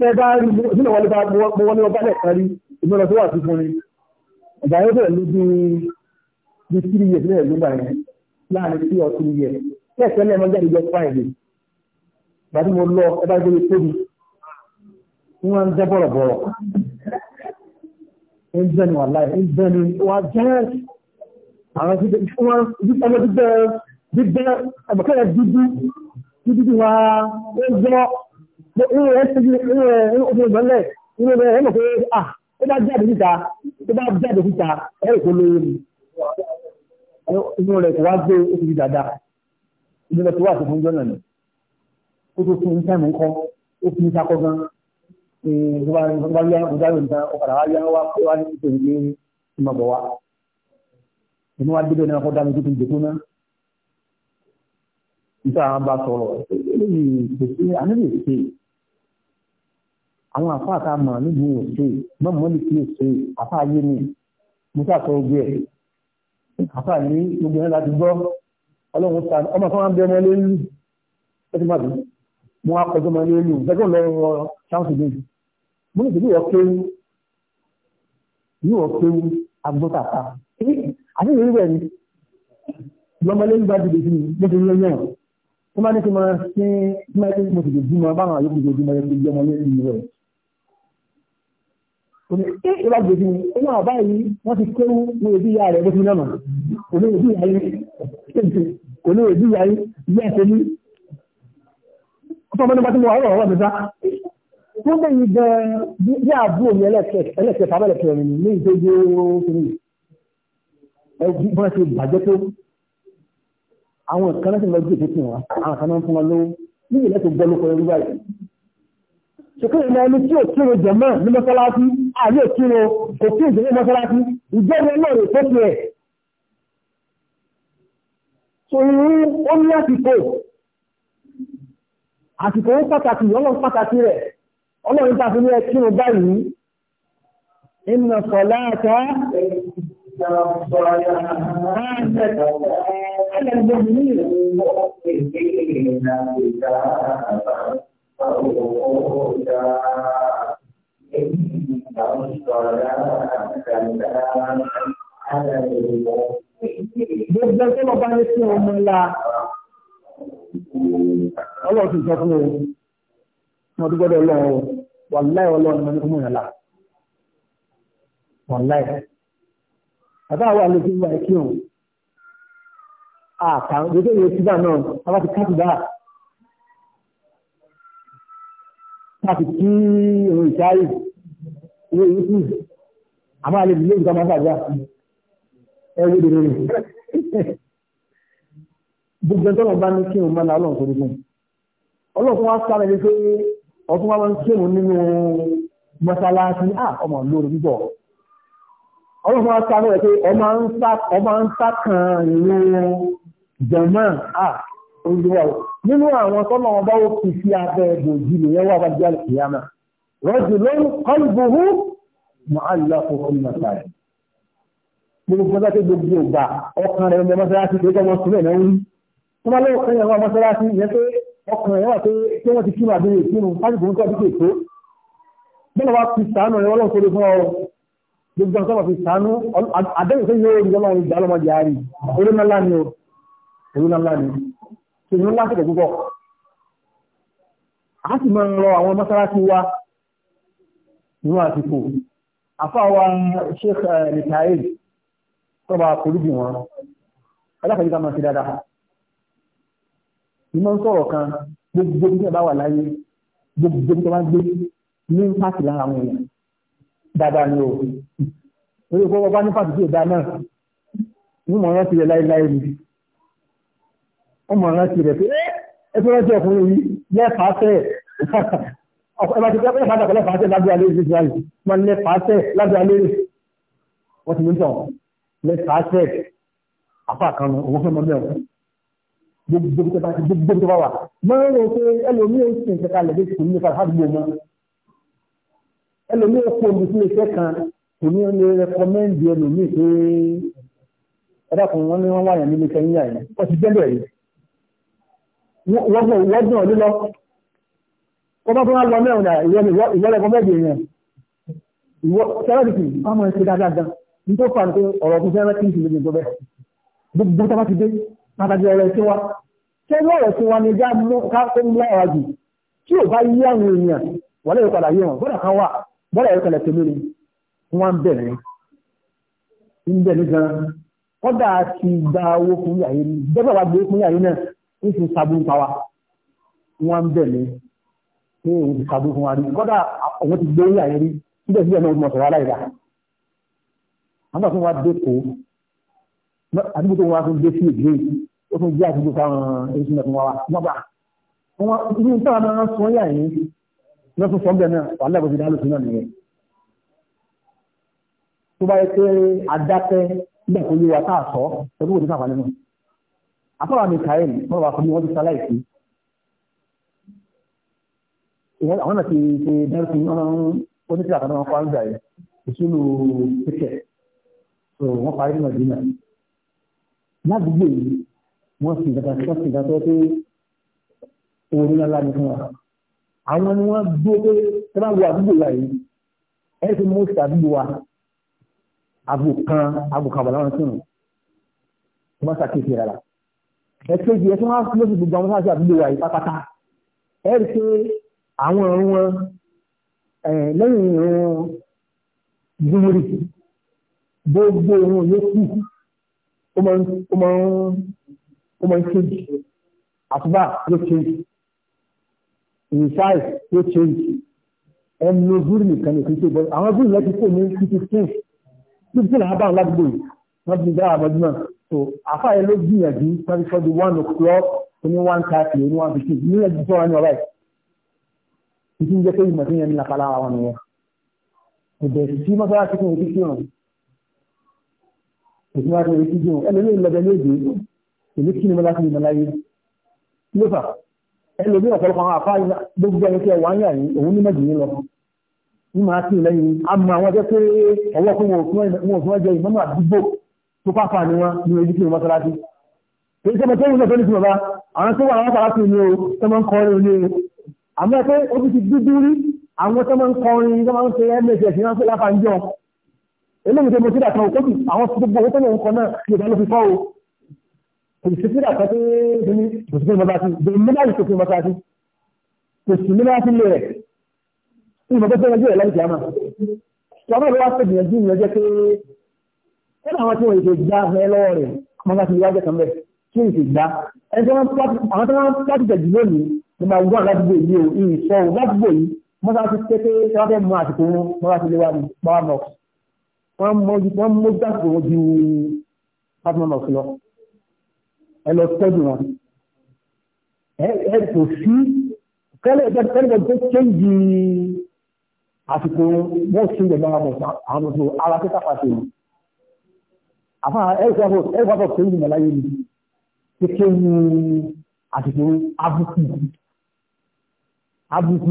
tẹ́ bá rí sínú wọlé bá mọ́ wọlé ọba lẹ́ẹ̀kan rí ìmọ̀lọ tó wà sí fún ni ìgbà yóò bẹ̀rẹ̀ ló bí bí tírí yẹ sílẹ̀ ló gbà yẹn láàrin tí ọtún yẹ bẹ́ẹ̀ tẹ́lẹ̀ mọ́ jáde jọ fáìlì ìgbà tí mo lọ ẹ bá gbé tóbi wọ́n ń jẹ́ bọ̀rọ̀bọ̀rọ̀ ń jẹ́ ni wà láì ń inú rẹ̀ ti inú rẹ̀ inú òfin ìgbọ́lẹ̀ inú rẹ̀ ẹ̀ mọ̀ pé à tó bá jáde síta tó bá jáde síta ẹ̀ rò kó lóyún inú rẹ̀ kò wá gbé ó di dáadáa inú rẹ̀ tó wà fún jọ́nà ni ó tó fún ìtàn nǹkan ó fi ń sakọ gan tó bá yá ọ̀kadà wá wá pé wá ní ìtòyí pé kí n inú wa débẹ̀ náà kó dá mi tó ti dèkú náà nítorí àwọn bá sọ̀rọ̀ ẹ̀ eléyìí kò sí àníbì ṣe àwọn àfáà tá a mọ̀ níbi wò ṣe mọ́mọ́lì kí o ṣe àfáà yé mi mo ṣàkọ ogun ẹ̀ àfáà ní gbogbo ẹ̀ láti gbọ́ ọlọ́run ta ọmọ kan máa ń bẹ ọmọ lórí ẹ ti máa bì mo á kọjú ọmọ lórí ìgbẹ́jọ́ lọ́wọ́ ṣáǹsì méjì mo ní ìdílé ọ̀kéwu ní ọ̀kéwu agbótàta àti ìrírí rẹ̀ ni lọ́mọ lórí bá dìde sí mi mo ti rí ẹyẹ tó bá ní kí máa sí mẹ́tí mo sì dojúmọ́ báwọn àyókù dojúmọ́ yẹn gbogbo ọmọ lórí rẹ̀. Kò ní ṣé ìwà gbèsè ni ó náà báyìí wọ́n ti kéwú ní ojú ìyá rẹ̀ bó ti nàmà. Kò ní ojú ìyá yín kò ní ojú ìyá yín ìyá ẹ̀sẹ̀ ní. Ọ̀pọ̀ ọmọdé bá ti wọ ọ̀rọ̀ ọ̀rọ̀ mi sá. Tó bẹ̀ yìí gan bí àbúrò mi ẹlẹ́kẹ̀ẹ́ àwọn kan láti lọ gbèsè fún wa àwọn kan náà fún wa lówó níbi lẹ́tọ̀ gbọ́ lóko ẹrú báyìí ṣùkọ́ ìmọ̀ ẹni tí ò kírò jẹ̀mọ́ ní mọ́sálásí àbí òkírò kò kí ìjẹ́mọ́ mọ́sálásí ìjẹ́mọ́ náà rè tó tiẹ̀ so irú ó ní àsìkò àsìkò ó pàtàkì ọlọ́run pàtàkì rẹ̀ ọlọ́run tàbí ní ẹ kírò báyìí inna salata على المؤمنين كتابا فروجا إن الصلاة سلام على المؤمنين gbogbo tó lọ bá ní sí ọmọ ńlá ọlọ́run ti sọ fún o mo dúpẹ́ lọ́wọ́ wàláì ọlọ́run mo ní fún mọ̀ yàn lá wàláì bàbá àwọn àlejò ìwà ẹ̀kí ọ̀hún àtàwọn gbogbo ìwé síbà náà bàbá ti káàkiri báà láti kí ohun ìṣááyì ilé ìrúkú àmọ́ àlejò ilé ìjọba máa bàjá ẹwú dèrè rẹ̀ gbogbo ẹ̀tọ́ bá ní kí òun máa lọ́nà tó dìbò ọlọ́run wá sáré ní pé ọdún wa máa ń kí òun nínú mọ́sálásí ah, ọmọ lórí bíbọ̀ ọlọ́run máa sáré rẹ̀ pé ọmọ ń sákàn ìlú german a olùwà nínú àwọn tọ́lọ̀ ọba ó fi sí abẹ́ bòjì nìyẹn wà bá jẹ́ àlùkìyàmà rọ́jù lórí kọ́lùbùhù mọ́àlá fòfin mọ́ta rẹ̀ gbogbo ọjọ́ tó gbogbo ògbà ọkàn rẹ̀ ọmọ mọ́sálásí tó kọ́ wọn sílẹ̀ náà wí tó bá lọ́wọ́ kan yẹn wà mọ́sálásí yẹn pé ọkàn rẹ̀ wà pé tí wọ́n ti kí màdúró ìkírun fásitì tó gbogbo ọ̀sán ọ̀fin sànú àdéhùn tó yóò rí ọlọ́run ìgbà ọlọ́mọdé àárí orínàlá ni o orínàlá ni tó ní lásìkò púpọ̀ a sì máa ń rọ àwọn mọ́sálásí wa nínú àsìkò àfáwa Sheikh eh, Mikhail tọba kòlùbì wọn alákàtí ká máa ṣe dáadáa ìmọ̀ ń sọ̀rọ̀ kan gbogbo bí wọ́n wà láyé gbogbo bí wọ́n gbé ní pàtì lára àwọn èèyàn dáadáa ni o orí kó wọ́n bá ní fàtúntì ìdá náà ní mọ̀ rántí rẹ̀ láéláé ni ó mọ̀ rántí rẹ̀ pé ẹ tó rántí ọkùnrin yìí lẹ́ẹ̀fàáṣẹ́ ẹ bá ti pẹ́ pẹ́ẹ́fà dàpọ̀ lẹ́ẹ̀fàáṣẹ́ lábẹ́ alẹ́ ìlú israẹli máa ń lẹ́ẹ̀fàáṣẹ́ lábẹ́ alẹ́ wọ́n ti ní tàn lẹ́ẹ̀fàáṣẹ́ apá kan òun fẹ́ mọ́ mẹ́wọ̀n gbogbo tó bá wà mọ́ ẹ̀rọ pé ẹlòmíì ń sìn kẹta lẹ́gbẹ̀ẹ́ ẹlòmíì kó omi sí iṣẹ́ kan kò ní lè rẹkọmẹ́ndì ẹlòmíì pé ẹ̀dá kan wọ́n ní wọ́n wà yàn nínú iṣẹ́ yíyà yìí wọ́n ti jẹ́ bẹ̀rẹ̀ wọ́gbọ̀n lílọ wọ́n bá tó wá lọ mẹ́rin ìwọ́n rẹkọmẹ́ndì yẹn ìwọ́ sẹ́rẹ́dìkì ọmọ ẹ̀ṣẹ̀ dáadáa ní tó fà ní pé ọ̀rọ̀ tó fẹ́rẹ́ kí n sì lè gbọ́ bẹ́ẹ̀ gbogbo tó bá ti dé pàtàkì ọ̀rọ̀ ẹ̀ṣẹ̀ wa tẹ́lú ọ̀rọ̀ tí wọ́n ní já mú ká tó ń lára jù tí ò bá yí àwọn èèyàn wọ́n lè padà yí wọn gbọ́dọ̀ kan wà bọ́ọ̀lù ẹ̀rọ kẹlẹ̀ tèmi ni wọ́n ń bẹ̀rẹ̀ ń bẹ̀rẹ̀ gan-an kọ́dà ti gba owó fún yàrá ní dẹ́gbà wa gbé fún yàrá náà ń fi sabun pa wa wọ́n ń bẹ̀rẹ̀ pé òun ti sabun fún wa rí kọ́dà òun ti gbé yàrá rí síbẹ̀síbẹ̀ náà mọ̀ sọ̀rọ̀ aláìlá àwọn àfihàn wa dé kó àdúgbò tó wá fún dé sí ìdílé ó fún jẹ́ àdúgbò táwọn èsì náà fún wa wá bá wọn ní sábà máa ń yàrá yìí lọ́sùn sọ́gbẹ̀ náà wà lẹ́gbẹ̀ẹ́ ìdá lóṣù náà nìyẹn tó bá yẹ pé adákẹ́ nígbà tó yíwa tá a sọ ẹgbẹ́ òdì káfà nínú afọ́wà mikael wọ́n wà fún mi wọ́n ti sáláì sí àwọn náà ti ṣe dẹ́rùsì oníṣẹ́ àkàndá wọn fún àǹzà yẹn ìṣúlù pẹ̀kẹ̀ tó wọ́n parí nínú ìdí náà ládùúgbò yìí wọ́n sì gbàgbà sí wọ́n sì gbàgbà ni fún àwọn ni wọ́n gbé pé tẹ́lá wo àdúgbò wa yìí ẹ ti mú sàdúgbò wa àgbò kan àgbò kan àbàlá wọn sùn tí wọ́n ṣàkíyèsí rárá ẹ kéjì ẹ tí wọ́n á fi lóṣù gbogbo àwọn sáàsì àdúgbò wa yìí pátápátá ẹ rí pé àwọn ọ̀run wọn lẹ́yìn ìrún gbúmúrì gbogbo ìrún yókù ó máa ń kéjì àtúbà yókù kéjì resize tó change ẹnu gúrù nìkan ní kìí ṣe bọ́ àwọn gúrù lẹ́tí pò ní fifty six fifty six àbá ládùúgbò yìí wọ́n ti dára àbọ̀dún náà so àfáàyè ló gbìyànjú twenty forty one o'clock ní one thirty ní one fifty ní ẹ̀jú tó wà ní ọ̀rẹ́ yìí kìí jẹ́ pé ìmọ̀ tó yẹn ní lápá lára wọn nìyẹn kò bẹ̀rẹ̀ sí mọ́sálásí fún etí sí ọ̀run kò sí mọ́sálásí fún etí sí ọ̀run ẹlẹ́lẹ́ ìlọ́dẹ èmi kí ni mọ́sálásí mi mọ́ ẹlòmí ọ̀pọ̀lọpọ̀ àwọn àfáà gbogbo ẹni tí ẹ wà ń yà yìí òun ní mẹ́jìlí lọ ní máa sí lẹ́yìn àmọ́ àwọn jẹ́ pé ọwọ́ fún wọn fún ẹjẹ́ ìmọ́nà àdúgbò tó pàfà ní wọn ní ojú kí wọn mọ́sálásí èyí sọ́mọ tó ń lọ sọ́ni fún ọba àwọn tó wà àwọn mọ́sálásí ni o tó máa ń kọrin ní o àmọ́ pé ó ti ti dúdú rí àwọn tó máa ń kọrin tó máa ń ṣe mss ní wọn fẹ́ láfa ń kò sí fúdà kan tó ní kò sí fún mọ́sáàtì bẹ́ẹ̀ mọ́nà yìí kò fún mọ́sáàtì kò sí mọ́nà sí ilé rẹ̀ ní ìmọ̀ tó fẹ́ yanjú rẹ̀ láti kí á mà. wọ́n bá wá pè gbìyànjú ìyẹn jẹ́ pé ẹ náà àwọn tí wọ́n yìí ti gbá ẹ lọ́wọ́ rẹ̀ mọ́nà sí iwájú kan bẹ́ẹ̀ tí yìí ti gbá ẹni tí wọ́n pàtì jẹ̀jú lónìí ni máa wọ́n láti gbò yìí o ìyìn sọ o láti gbò yìí mọ́sáàtì kété tí wọ́n fẹ́ mú àsìkò wọn mọ́sáàtì lé wa ní power box wọ́n mọ́ ju wọ́n mọ́ ju àsìkò wọn ju pátánà box lọ ẹ lọ tọ́jú wọn ẹ kò sí kẹ́lẹ́ ìgbẹ́kẹ́lẹ́ tó kéjì àsìkò wọ́n sí ìgbẹ̀gbẹ̀ àwọn ọmọ ara tó tàpàtì wọn àfá ẹgbẹ́gbẹ́ kéjì mẹ́láyé ni kékeré ní àsìkò abúkù abúkù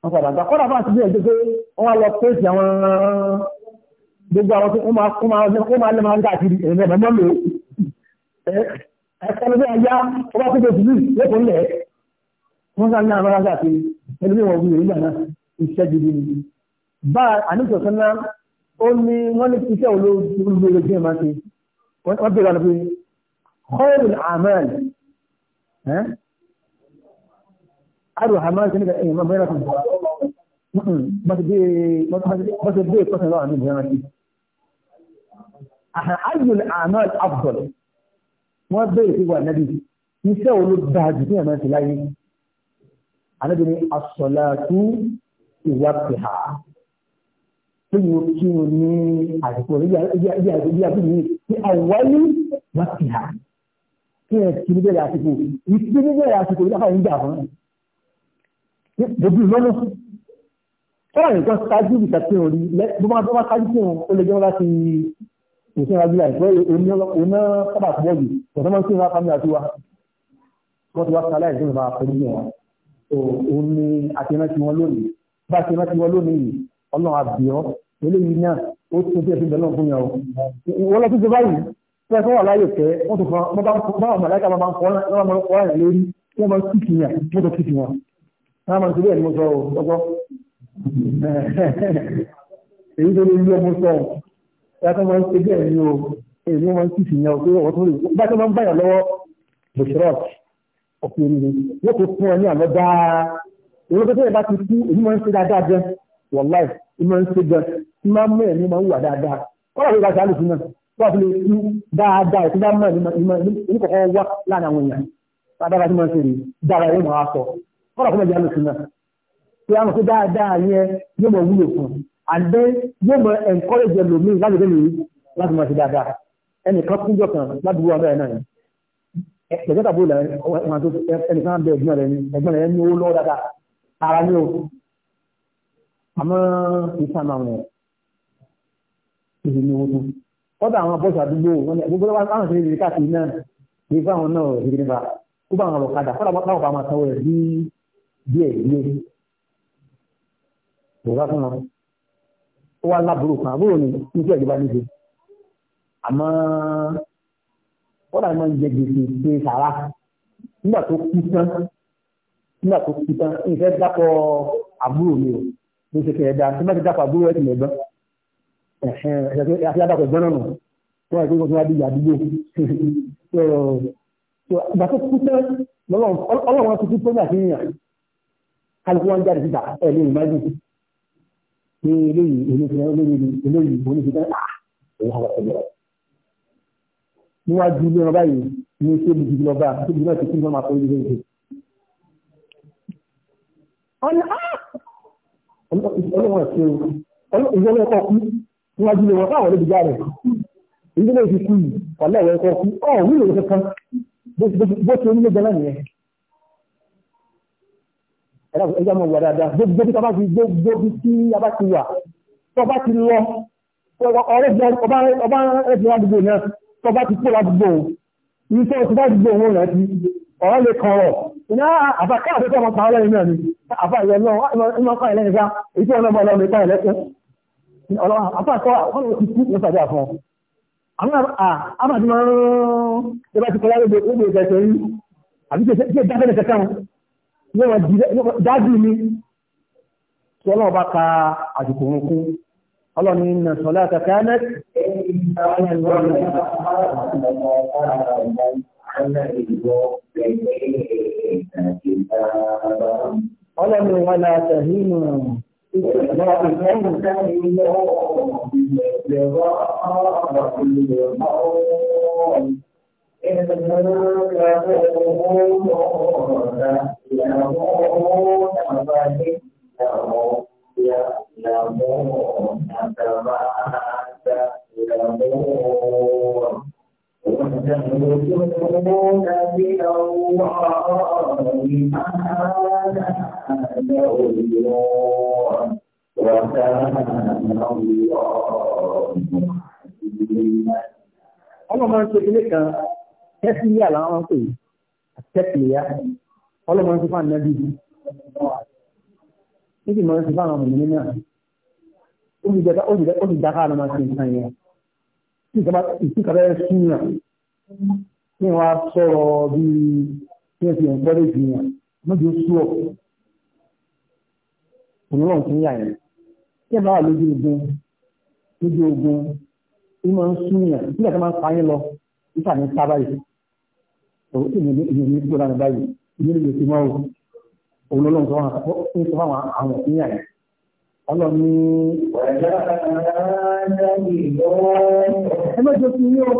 wọ́n padà gbà kọ́dà bá ti bí ẹgbẹ́ pé wọ́n wá lọ pèsè àwọn gbogbo àwọn tó máa lẹ́mọ̀ ń dà kiri ẹ̀rẹ́ mẹ́mọ́ lò ẹgbẹ́ ayá ọba tó tó tìlú lẹ́kọ̀ọ́ lẹ̀ wọ́n sá ní àwọn aráàlú àti ẹgbẹ́ wọn wúlò nígbà náà iṣẹ́ gidi ni bá àníkò sọ́nà ó ní wọ́n ní iṣẹ́ olóògbé jẹ́ máa ṣe wọ́n bèèrè àlọ́ pé khairul amal àrò amal sí nígbà ẹ̀yìn mọ́bẹ́rẹ́ kan bá ti bèèrè pọ́sẹ̀ lọ́wọ́ wọ́n bẹ̀rẹ̀ pé wà nábì iṣẹ́ wo ló dáa jù ní ẹ̀mọ́ ìṣẹ̀lá yìí ànábì ní asọ̀làtú ìwà pìhà lóyún kí o ní àdìpọ̀ ibi àbí mi ní àwáyé wà pìhà kí ẹ ti ní bẹ̀rẹ̀ àsìkò ìtí ní bẹ̀rẹ̀ àsìkò ìlànà yìí gbà fún un bòbí lọ́nà fọ́nà nìkan ṣáájú ìtàkùn orí bó bá ṣáájú fún un lè jẹ́ wọn láti kò sí ìrajú láì pé oná sábà tó bọ́ọ̀lù ọ̀sán máa ń sínú afámi àti wa wọ́n ti wá sí aláìsí ìrìnà àpẹẹrẹ ní wọn òun ni àtẹnáti wọn lónìí bá àtẹnáti wọn lónìí ọlọ́run àbíọ́ eléyìí náà ó tún bí ẹ̀sìn bẹ̀rẹ̀ náà fún yàn o wọ́n lọ sí ti báyìí tí wọ́n wà láyè tẹ́ wọ́n tún fún wọn báwọn mọ̀láìka máa ń kọ́ ọ́n máa ń lórí wọ́n máa ń kíkì yàn wọ́n tún kíkì wọn wọ́n máa ń ṣe bẹ́ẹ̀ ni mo sọ o lọ́gbọ́ èyí tó lè rí ọmọ sọ yàtọ̀ máa ń ṣe bẹ́ẹ̀ ni o èyí máa ń sì fi yan òkú ọ̀tún rè bá tó máa ń báyà lọ́wọ́ bùṣọ́ọ̀t ọ̀pọ̀ èrè yóò tó fún ọ ní àná dáa èyí tó tẹ́lẹ̀ bá ti kú èyí máa ń ṣe dáadáa jẹ wọ̀láì èyí máa ń ṣe jẹ tí máa ń mú ẹ̀mí máa ń wà dáadáa wọ́n rà wí láti àlùfín náà wọ́n fi lè kú dáadáa èyí bá mọ̀ ní kọ̀kọ́ wá láàrin àwọn èèyàn dáadáa tí máa ń and then yóò mọ encourage ẹlòmíì láti gbé nìyí láti mọ̀ sí dáadáa ẹnìkan kúnjọ kan ládùúgbò ọ̀dọ́ ẹ̀ náà ẹ̀jẹ̀ tàbí ìlànà ẹ̀wọ̀n tó ẹnìkan bẹ ẹ̀gbọ́n rẹ̀ ní ẹ̀gbọ́n rẹ̀ ní owó lọ́wọ́ dáadáa ara ní o àmọ́ ìsàmà wọn ìdí ní owó tó kọ́dà àwọn bọ́ọ̀sì àdúgbò wọn ni gbogbo wọn àwọn ìṣẹ̀lẹ̀ káàkiri náà ní fáwọn náà ìdí nípa ó bá àwọn ọ̀kadà kọ́dà báwọn bá máa sanwó rẹ̀ bí díẹ̀ díẹ̀ kò bá fún wọn ó wá lábúrò kan àbúrò ni iṣẹ́ ìjọba ní ṣe àmọ́ wọ́n náà máa ń jẹ gbèsè ṣe sàrà nígbà tó kú tán nígbà tó kú tán ìfẹ́ dápọ̀ àbúrò mi o ló ṣe kẹ̀yẹ́ dáa tí wọ́n ti dápọ̀ àbúrò ẹ̀ tì lẹ́gbọ́n ẹ̀hẹ́n àti àdàpọ̀ ìgbọ́n náà nù wọ́n rẹ̀ pé wọ́n ti wá dìjà àdúgbò ìgbà tó kú tán ọlọ́run ti kú tó ní àfihàn kálukú wọn jáde síta ẹ̀ lóyún májèlé pé eléyìí oníṣẹ́ eléyìí eléyìí oníṣẹ́ tẹ́lẹ̀ èyí àwọn ọ̀sẹ̀ bẹ̀rẹ̀. níwájú ilé wọn báyìí ní tébù gidi lọ́ba tébù náà ti kí wọn máa fọ́ ilé ìgbé. Ah, ọlọ́wọ́n ṣe ìwọ́n lọ́kọ̀ kú níwájú ilé wọn káwọn olóbi já rẹ̀ ìdílé ìfikú yìí ọ̀lẹ́wọ̀n ẹ̀kọ́ kú ọ̀ wílò kankan bó ṣe onílé gan-an nìyẹn ẹ̀dá mọ̀ wà dáadáa gbogbo bí kábàtì gbogbo bí tí a bá ti wà tó bá ti lọ ọba ẹ̀fìn àdúgbò náà tó bá ti kó ládùúgbò ní tó ti bá dùgbò òun rẹ̀ ti ọ̀rọ̀ lè kọ̀rọ̀ iná àbá káàdé tó máa pààrọ̀ iná ni àbá ìyẹn náà wọ́n máa pààrọ̀ ẹ̀lẹ́yìn sá èyí tí wọ́n náà máa lọ nípa ẹ̀lẹ́kún ọlọ́run àbá kọ́ wọ́n lọ ti kú ní sàdé àfọ́n àwọn àbá ti máa ń rán ẹgbẹ́ ti kọ́ lágbègbè ó gbèsè ẹ̀sẹ̀ yìí àbí tí ó dákẹ́ níwọ̀n dájú ni tí ọlọ́run bá ka àdùkù òun kú ọlọ́run ní nà sọ́lá àtàkà ánẹ́t ọlọ́run wà láta hínú Ìjọba ìfẹ́ ìdáyé lọ́wọ́ ìgbẹ̀rọ ọ̀rọ̀ ìgbẹ̀rọ Ọlọ́run máa ń ṣe ilé kan tẹ́sílíà làwọn máa ń pè é àtẹ́kìlíà ọlọ́mọ ní fún ànábì níbi ìmọ̀ ní fún àwọn ọmọ nínú náà ó ti dẹ́ka ó ti dáká àná máa ṣe nǹkan yẹn ìtìkàbẹ́ súnà kí wọ́n á sọ̀rọ̀ bí kí wọ́n fi ẹ̀ńkọ́rẹ́ jìyàn mọ́jú sú ọ̀ òun náà tún yà yẹn kí ẹ bá wà lójú ogun lójú ogun ìmọ̀ ń súnà nígbà tó máa ń pa yín lọ nípa ní sábà yìí èèyàn ní gbọ́dọ̀ ní báyìí ìdí nìyẹn ti máa òun lọ́lọ́run tó ń sọ fáwọn àwọn ìpínyà yìí ọlọ́ni ẹgbẹ́jọ ti ní o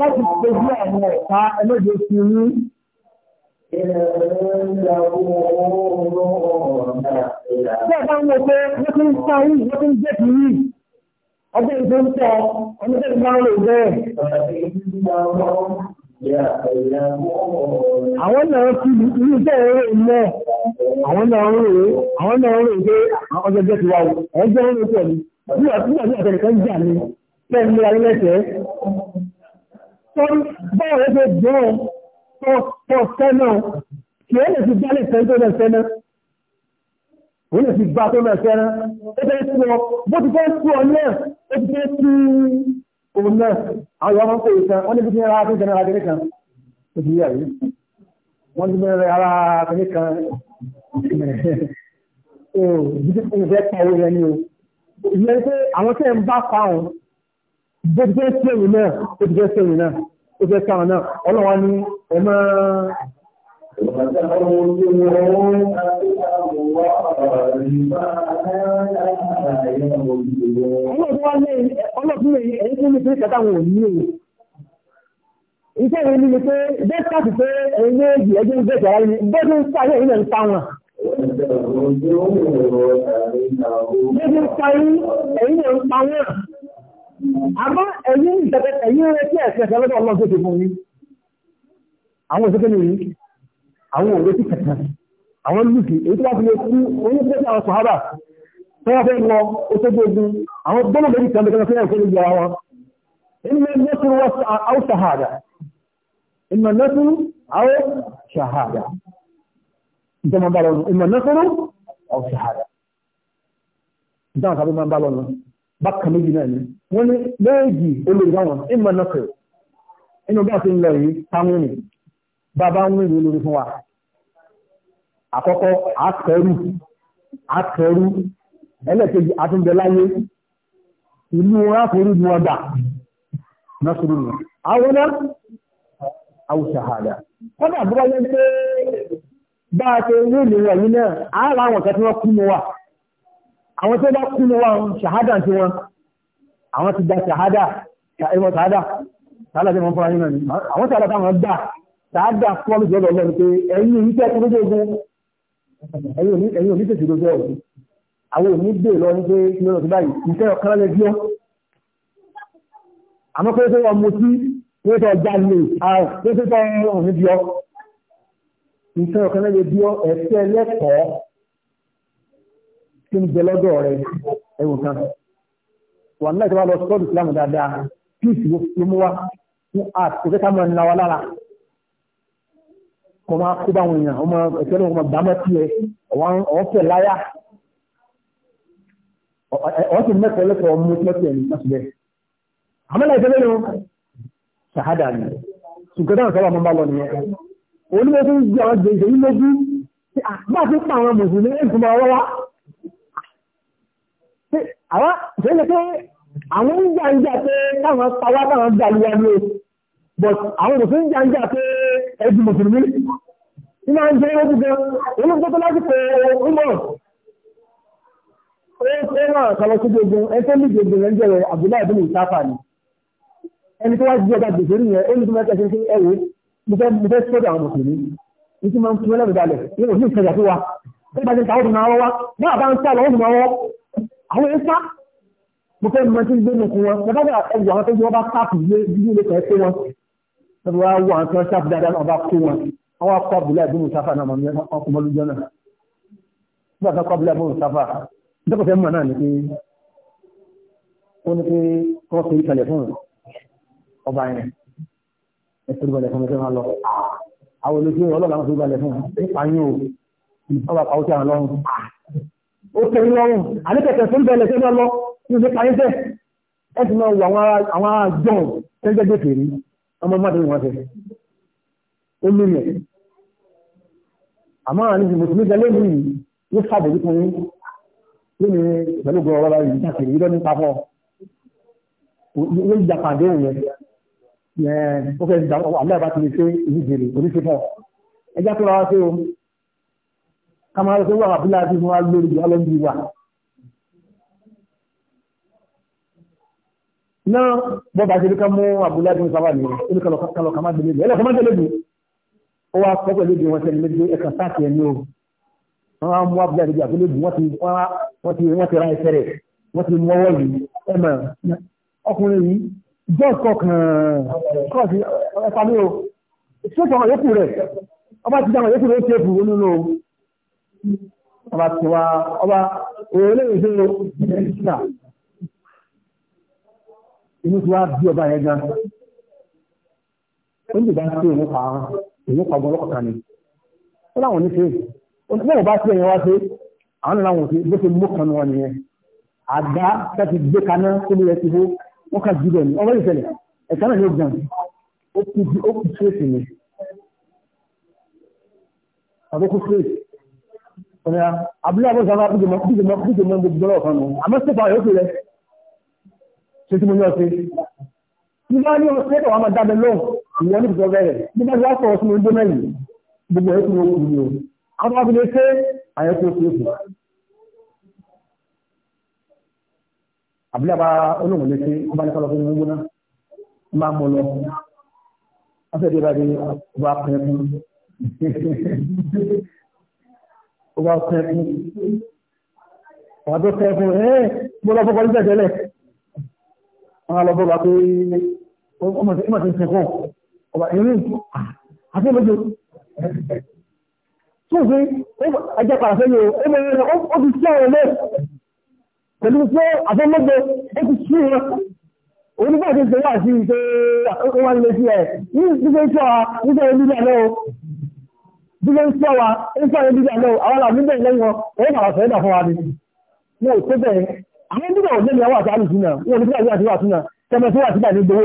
láti pèsè àwọn ọ̀pá ẹgbẹ́jọ ti ní Bẹ́ẹ̀ bá ń wo pé wọ́n ti ń sáwí, wọ́n ti ń jẹ́ kìí ọdún tó ń tọ́ ọdún tó ń bá lè bẹ́ẹ̀. Àwọn náà fi ní iṣẹ́ eré ilẹ̀, àwọn náà ń rèé, àwọn náà ń rèé pé ọjọ́ jẹ́ ti wá o, ọ̀hún jẹ́ orin pẹ̀lú. Bí wà sígbà ní ọ̀tẹ̀lẹ̀ kan jà ní pẹ̀lú ní ayé lẹ́sẹ̀. Báwo ló ṣe dùn ọ́ tọ́ sẹ́nà, kì í lè fi dálé sẹ́ńtọ́ náà sẹ́nà òun lè fi gba tó mẹ́ fẹ́ràn ó fẹ́ sí ọ bó ti fẹ́ sí ọ náà ó ti fẹ́ sí òun náà àwọn ọmọ pé ìtàn wọ́n ní bí ara tó jẹnara kiri kan ó ti yà yìí wọ́n ti bẹ̀rẹ̀ ara kiri kan ó jíjí fún ìfẹ́ kan owó yẹn ni o ìyẹn pé àwọn tẹ́ ń bá pa òun bó ti fẹ́ sí òun náà ó ti fẹ́ sí òun náà ó ti fẹ́ sí àwọn náà ọlọ́wọ́n ni ẹ máa. Iṣẹ́ ìwé ni pé Dẹ́kàtì pé ẹ̀yìn méjì ẹjọ́ ń bẹ̀rẹ̀ ara ní bẹ́ẹ̀ ń sáré ìrìnà ń ta wọn. Bẹ́ẹ̀ ń sáré ẹ̀yìn ń pa wọn. Àmọ́ ẹ̀yìn ìtẹ̀tẹ̀ ẹ̀yìn rẹ̀ tí ẹ̀sẹ̀ ẹ̀sẹ̀ lọ́dọ̀ ọlọ́gbẹ̀ẹ́ àwọn lùkì èyí tó bá fi lè kú orí tó tẹ́lẹ̀ àwọn sàhábà tó wá fẹ́ lọ oṣogbó ogun àwọn gbọ́nà lórí kan lókè fẹ́rẹ̀ fún ìgbà wọn inna nasru aw shahada inna nasru aw shahada ìjọba bá lọ́nu inna nasru aw shahada ìjọba tàbí máa bá lọ́nu bákan méjì náà ni wọ́n ní méjì olórí wọn inna nasru inú bá ti ń lọ yìí táwọn ní bàbá ń rí olórí fún wa àkọ́kọ́ àkẹ́rù àkẹ́rù ẹlẹ́kẹ̀ẹ́jì àtúndẹ̀láyé ìlú wọn ní nọ́sùrù àwọn yẹn pé bá a ṣe rí ìlera yìí náà àárá àwọn kan tí wọ́n kú mu wa àwọn tó bá kú wa ṣàhádà tí àwọn ti ṣàhádà ṣàhádà ṣàhádà tí wọ́n náà ẹ̀yin ò ní tètè lójú ọ̀rọ̀ àwọn ò ní gbé lọ ní pé kí lọ́nà tó báyìí ìfẹ́ ọ̀kan lẹ́ bí ọ́ àmọ́ pé tó ọmọ tí pé tó ọjà lè àwọn pé tó tọ́ ọ̀rọ̀ ní bí ọ́ ìfẹ́ ọ̀kan lẹ́ bí ọ́ ẹ̀fẹ́ lẹ́kọ̀ọ́ tí ń jẹ lọ́dọ̀ rẹ ẹ̀wò kan wà ní láti wá lọ sọ́ọ̀dù Islam dáadáa peace ló mú wa fún kọ́ máa kó báwọn èèyàn ọmọ ẹ̀kẹ́ náà máa dámọ́ sí ẹ ọ̀fẹ́ láyà ọ̀sẹ̀ mẹ́kọ̀ọ́ lẹ́kọ̀ọ́ ọmọ mẹ́kọ̀ọ́ ẹ̀mí má sì bẹ́ẹ̀. àmọ́ náà ìfẹ́ lẹ́nu ṣàhádà ni ṣùgbọ́n táwọn sábà máa bá lọ nìyẹn. onímọ̀ tó ń gbé àwọn jẹ̀jẹ̀ yìí lójú bá a ti pa àwọn mùsùlùmí ní ìtumọ̀ ọwọ́ wa. àwa ìfẹ́ pé àwọn ń jàǹjà pé táwọn pawá táwọn gbà lùwà ni o but àwọn mùsùlùmí ń jàǹjà pé ẹbí mùsùlùmí iná ń jẹ́ ojú gan olóògbé tó láti pé ọmọ ẹ̀ẹ́sẹ̀ náà kọlọ̀ sí gbogbo ẹ̀ẹ́sẹ̀ ní gbogbo rẹ̀ ń jẹ́rẹ̀ àbúlá ìbílẹ̀ ìsáfà ni ẹni tó wá jí ọjà gbèsè rí yẹn ó ní tó mẹ́ta ṣe ẹ̀wọ̀ mo fẹ́ mo fẹ́ sọ́dọ̀ àwọn mùsùlùmí ní tí máa ń túnmọ́ lẹ́rù balẹ̀ ní òní ìṣẹ̀jà tó wa bí bá ti ta ọdún máa wá bá àbá ń sá lọ́wọ́ máa wọ́ àwọn èèyàn sá mo fẹ́ mọ tí ń gbé nìkú wọn mo bá wọ́n wá kọ́ abúlé àbúrò sáfà náà mọ̀mí ọkùnmọ́lújọ́ náà nígbà tó kọ́ abúlé àbúrò sáfà dẹ́kọ̀tẹ́ mọ̀ náà ni pé ó ní pé kọ́ sí ìkàlẹ̀ fún ọba yẹn ẹ̀sìn ìbàlẹ̀ fún ẹ̀sìn máa lọ àwọn olójú ọlọ́run àwọn ìṣòro ìbàlẹ̀ fún nípa yín o ọba pàwọ́ sí àwọn lọ́rùn ó tẹ̀yìn lọ́rùn àníkẹ̀kẹ̀ fún bẹ̀rẹ̀ sí lọ́lọ́ ní ìdí pàyín tẹ̀ ẹ sì máa wọ àwọn àjọ tẹ́jẹ́gbẹ̀fẹ̀ rí ọmọ mọ́tò ìwọ̀n tẹ̀ ó mímọ̀ àmọ́ àwọn àníbi mùsùlùmí gẹ́lẹ́ mi ló sàbòjú kan yín lónìí pẹ̀lú gbọ́ ọ̀rọ̀ yìí jà kiri lọ́ní papọ̀ yóò jà pàdé òun yẹn ó fẹ́ gba àlẹ́ àbá ti lè ṣe ìlú jèrè oníṣe pọ̀ ẹjá tó rárá sí o kàmáà tó wà àbúlá àti ìmúra lórí ìwà lọ́nà ìwà náà bọ́ba ṣe ní ká mú àbúlá àti ìmúra sábà nìyẹn ó ní kálọ̀ kàmá má gbélé ó wá sọ pẹ̀lú ìdí wọn sẹ́ni méjì ẹ̀kan sáàkì ẹni o wọ́n á mú abúlé àdìgbà tó lóògùn wọ́n ti wọ́n ti ra ẹsẹ̀ rẹ̀ wọ́n ti mú ọwọ́ yìí ẹ̀ mọ̀ ọkùnrin yìí jọ́ọ̀sì kọ̀ọ̀kan kọ́ọ̀sì ẹ̀fà mi o ṣéèkì ọmọ yòókù rẹ̀ ọba ti dáhùn yòókù rẹ̀ ó tẹ́ẹ̀pù onínú ọba tí wa ọba òun lè ṣe ìṣúná inú tí wàá bí ọba yẹn gan ó ní ìdá èyí ń pàgbọ́n ọlọ́kọ̀ta ni ó láwọn ní ṣe bẹ́ẹ̀ bá sí ẹ̀yìn wá ṣe àwọn làwọn ò ṣe bó ṣe mú kan wọn nìyẹn àgbá láti gbé kaná tó lè ti hó wọ́n kà jù bẹ́ẹ̀ ni ọmọ ìṣẹ̀lẹ̀ ẹ̀ka náà ló gàn ó kú ó kú tírèsì ni àbókú tírèsì ọ̀nà abúlé àbọ̀ sábà bí jẹmọ́ bí jẹmọ́ nù àmọ́ sípò àyọ̀ tó rẹ̀ ṣe tí mo ní ọ̀sẹ̀ ìyẹn ní ìjọba rẹ̀ bí wọ́n bá sọ̀rọ̀ sínú ọdún mẹ́rin gbogbo ẹ̀ kúrò kù ní o àwọn abilé ṣe àyẹ̀kọ́ sí òkú àbílẹ̀ àbá olóògùn lè ṣe ọba ní kọlọ́fẹ́ ní gbóná máa mọ lọ ọ̀sẹ̀ tí ó bá dé ọba pẹ́ fún ọba pẹ́ fún ọba tó pẹ́ fún ẹ́ mo lọ fọkọ ní tẹ̀tẹ̀lẹ̀ wọn lọ bọ́ bá pé ọmọ tí ọba ìrìn nǹkan àti ìlú tó fi ẹjẹ padà sẹ́yìn o ẹgbẹ́ ìrìn ó fi sí àwọn ilé pẹ̀lú pé àfẹ́mọ́gbẹ́ ó fi sí ìrìn òun nígbà tí ìṣẹ́yà sí ìṣe wà nílé sí ẹ̀ ní ìdíje ń sọ́wa nígbà ìlú ilé àná o ìdíje ń sọ́wa nígbà ìlú ilé àná o àwọn làwọn nígbà ìlú wọn òun náà sọ̀rọ̀ dà fún wa ni ní òtó bẹ́ẹ̀ àwọn nígbà òun lẹ́yìn àwọn àti àlùsùn wọn nígbà ìlú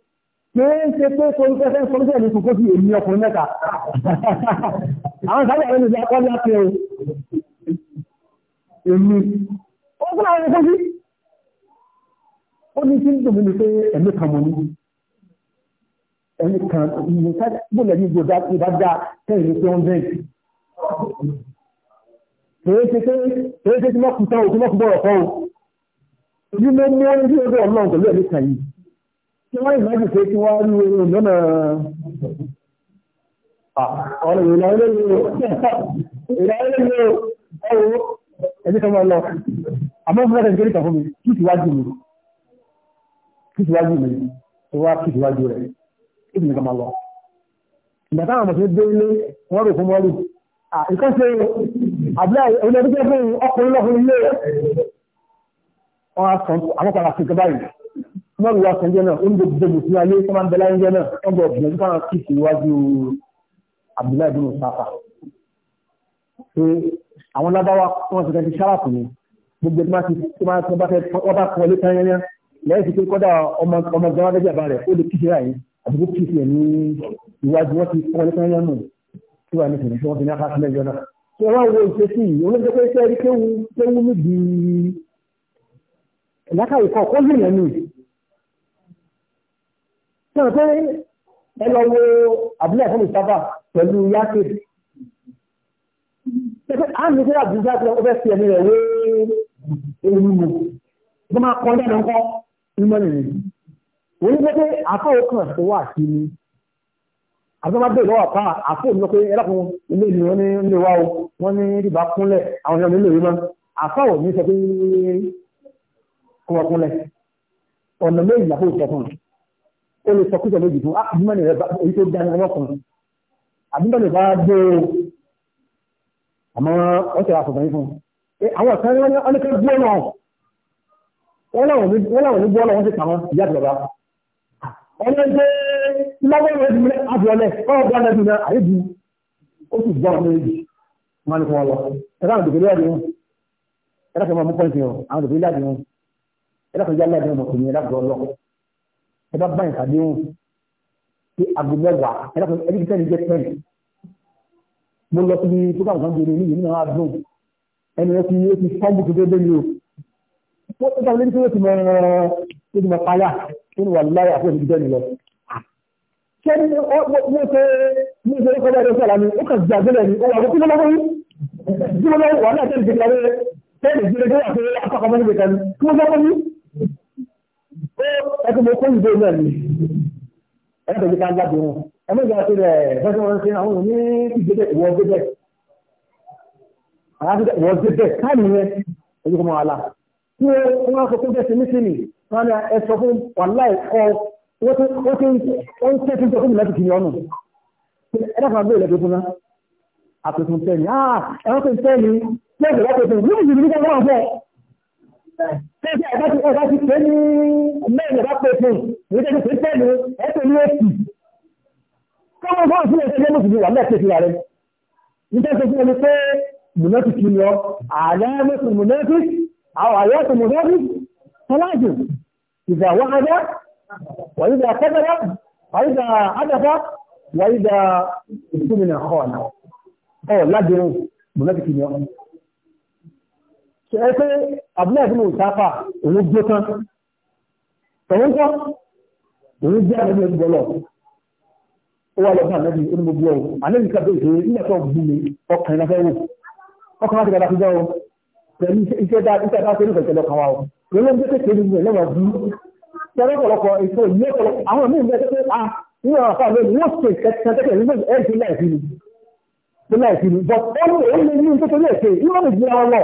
kìí ṣe pé torí fẹ́fẹ́ sọ́lọ́sẹ̀ ní ṣùgbọ́n fi èmi ọkùnrin mẹ́ta àwọn ìsáàlẹ̀ ẹni ìjà kọ́ láti ẹ̀rọ èmi ó fún àwọn ẹ̀kọ́ sí ó ní kí ń dùn mí pé ẹ̀mí kan mọ̀ ní ẹ̀mí kan bóòlẹ̀ ní ìjọba ìbájá tẹ́yìn ní pé wọ́n bẹ́ẹ̀ kìí ṣe pé kìí ṣe tí wọ́n kù tán òkú lọ́kùnbọ̀rọ̀ kọ́ ò ní mo mú orí ọdún ọlọ́run tí wọ́n ìmájì pé kí wọ́n rí orin lọ́nà ọ̀rọ̀ ìlàrílẹ̀ ìlàrílẹ̀ ọwọ́ ẹni kan máa lọ àmọ́ fún ẹ̀kẹ́ ìkà fún mi kí ti wájú mi kí ti wájú mi tó wá kí ti wájú rẹ̀ kí ti nìkan máa lọ ìgbà táwọn ọmọ tó dé ilé wọ́n rò fún mọ́rù ìkọ́sẹ̀ àbúlá orílẹ̀-èdè fún ọkùnrin lọ́kùnrin ilé wọn á sọ àwọn padà mọ́rù wa kànjẹ́ náà oúnjẹ gbogbo sí alé tó máa ń bẹ̀lá oúnjẹ náà wọ́n bọ̀ bìyànjú káwọn kì í sí iwájú Abdullahi bin Musafa pé àwọn lábáwá wọn ti kẹ́kẹ́ sára fún mi gbogbo tí wọ́n ti bá fẹ́ wọ́n bá kọ́ ilé tányányá lẹ́yìn tí pé kọ́dà ọmọ ọmọ gan wá dẹ́jà bá rẹ̀ ó lè kí síra yìí àti kó kí sí ẹ̀ ní iwájú wọn ti kọ́ ilé tányányá nù tí wà ní ìṣẹ̀lẹ̀ tí wọ́n fi ní aká sílẹ̀ jọ náà tí wọ́n wo ìṣesí yìí olóńgbé pé iṣẹ́ rí kéwu kéwu níbi lákàyè kọ́ kó lè yẹn nù sọ̀rọ̀ pé ẹ lọ wo abúlé fún mustapha pẹ̀lú yákè pẹ̀lú àmì tí àbújá tó fẹ́ fi ẹni rẹ̀ wé ewu mu tó máa kọ́ dáná ńkọ́ ìmọ̀ nìyí wọ́n ní pé àfọwọ́ kan tó wà sí ni àtọ́wá bẹ̀rẹ̀ lọ́wọ́ pa àfóònù lọ pé ẹlẹ́kùn ilé ìlú wọn ní ilé o wọ́n ní ìdìbà kúnlẹ̀ àwọn èèyàn nílò yìí mọ́ àfáwọ̀ ní sọ pé kó wọ́n kúnlẹ̀ ọ̀nà méjì làkó sọ ó lè sọkúsọ méjì fún àbúmọ̀nì rẹ̀ èyí tó dáná ọlọ́kùnrin àbúmọ̀nì bá gbé o àmọ́ ọ̀sẹ̀ àfọ̀fẹ́ fún àwọn ọ̀sán wọn ní kí gbọ́ náà wọ́n láwọn ní gbọ́ náà wọ́n sì pàmọ́ ìyá àgbàlá ọ̀nà ìgbé lọ́wọ́rọ̀ ẹ̀dùn ní àbúrọ̀lẹ̀ ọ̀rọ̀ bá lẹ́dùn náà àyèjì ó sì gbọ́ ọmọ èjì wọn ni wọn lọ ẹ̀rọ àwọn ìdòkèlè àdìyàn ẹ̀rọ kan máa mú pọ́ǹtì hàn àwọn ìdòkèlè àdìyàn ẹ̀rọ kan jẹ́ àdìyàn ọmọkùnrin ẹ̀rọ kan lọ́kọ̀ọ́ ẹ bá báyìí tàbí wọn pé aago mẹ́wàá ẹ dákun ẹ dídí tẹ́lẹ̀ jẹ́ tẹ́lẹ̀ mo lọ síbi tó bá nǹkan gbèrè níyìí nínú àwọn àdùn ẹni rẹ ti ó ti fọ́ọ̀mù tó dédé ni o ó dàbí lórí tí ó ti mọ ó ti mọ pálá ó ní wà láyà fún ìdíjẹ́ ni lọ. ṣé ní ó mo ṣe mo ṣe kọ́ bẹ́ẹ̀ lọ́sọ̀rọ̀ mi ó kàn gbà sílẹ̀ ni ó wà kókó lọ́wọ́ yìí kí mo lọ wà náà tẹ́lẹ̀ ti kàwé tẹ́lẹ̀ ti lè dé àti akọ́kọ́ mọ́ ẹkùn mọ́ kóyìnbó náà ni ẹ̀rọ ìgbà jáde wọn ẹ̀mọ́ tó rẹ̀ fẹ́sẹ̀ wọn ṣe àwọn òní ìgbẹ́dẹ̀ ìwọ gbẹ́dẹ̀ káàmì yẹn ojú mọ́ wàhálà tí wọ́n sọ fún bẹ́sẹ̀ nísìnyí wọ́n ní ẹ sọ fún wàhálà ẹ̀kọ́ wọ́n tẹ́ fún mi láti kiri ọ̀nà ẹ̀rọ kan bẹ́ẹ̀ lẹ́gbẹ̀ẹ́ fún náà àtẹ̀tún tẹ́ ni ah, Tẹ́sí ẹ̀dá ti ẹ̀dá ti pé ní mẹ́rin ẹ̀dá pé fún ìwé tẹ́sí pé tẹ́lu ẹ̀pẹ̀ ní èsì. Kọ́mọ fún òfin ẹ̀sẹ̀ lẹ́nu fìdí wà lẹ́ẹ̀kẹ́ sí rẹ̀. Níta sọ fún ẹni pé mùnẹ́tì kì í lọ, àlẹ́ mùnẹ́tì, àwọn àyẹ̀tì mùnẹ́tì, tọ́lájù, ìgbà wáhádá, wàyídà kẹ́kẹ́rẹ́, wàyídà ádàfá, wàyídà ìsúnmìnà ṣe pé abúlé ìfúnnù ìsáfà òun gbé tán tọ̀wọ́n kọ́ òun jẹ́ àlejò ẹgbẹ́ lọ ó wà lọ́gbọ́n àlejò onímọ̀gbọ́ ọ̀hún àlejò ìkàbẹ̀ ìṣòro nígbà tó gbú mi ọkàn ìlàfẹ́ wò ọkàn láti gbàdá fúnjọ́ ọ pẹ̀lú iṣẹ́ dá iṣẹ́ dá tó nífẹ̀ẹ́ tẹ́lọ kan wa ọ pẹ̀lú ẹgbẹ́ kékeré nínú ẹ̀ lọ́wọ́ bí tẹ́lẹ̀ ọ̀pọ̀lọpọ̀ èso ìlú ọ̀pọ̀lọpọ̀ àwọn míì bẹ́ẹ̀ pé a nínú àwọn afáà lónìí wọ́n ṣe kẹ́kẹ́ nínú ẹ̀ sí láìsí ni sí láìsí ni but ó ní èyí lè ní nítorí ẹ̀ ṣe ìwọ́n lè gbé ọ lọ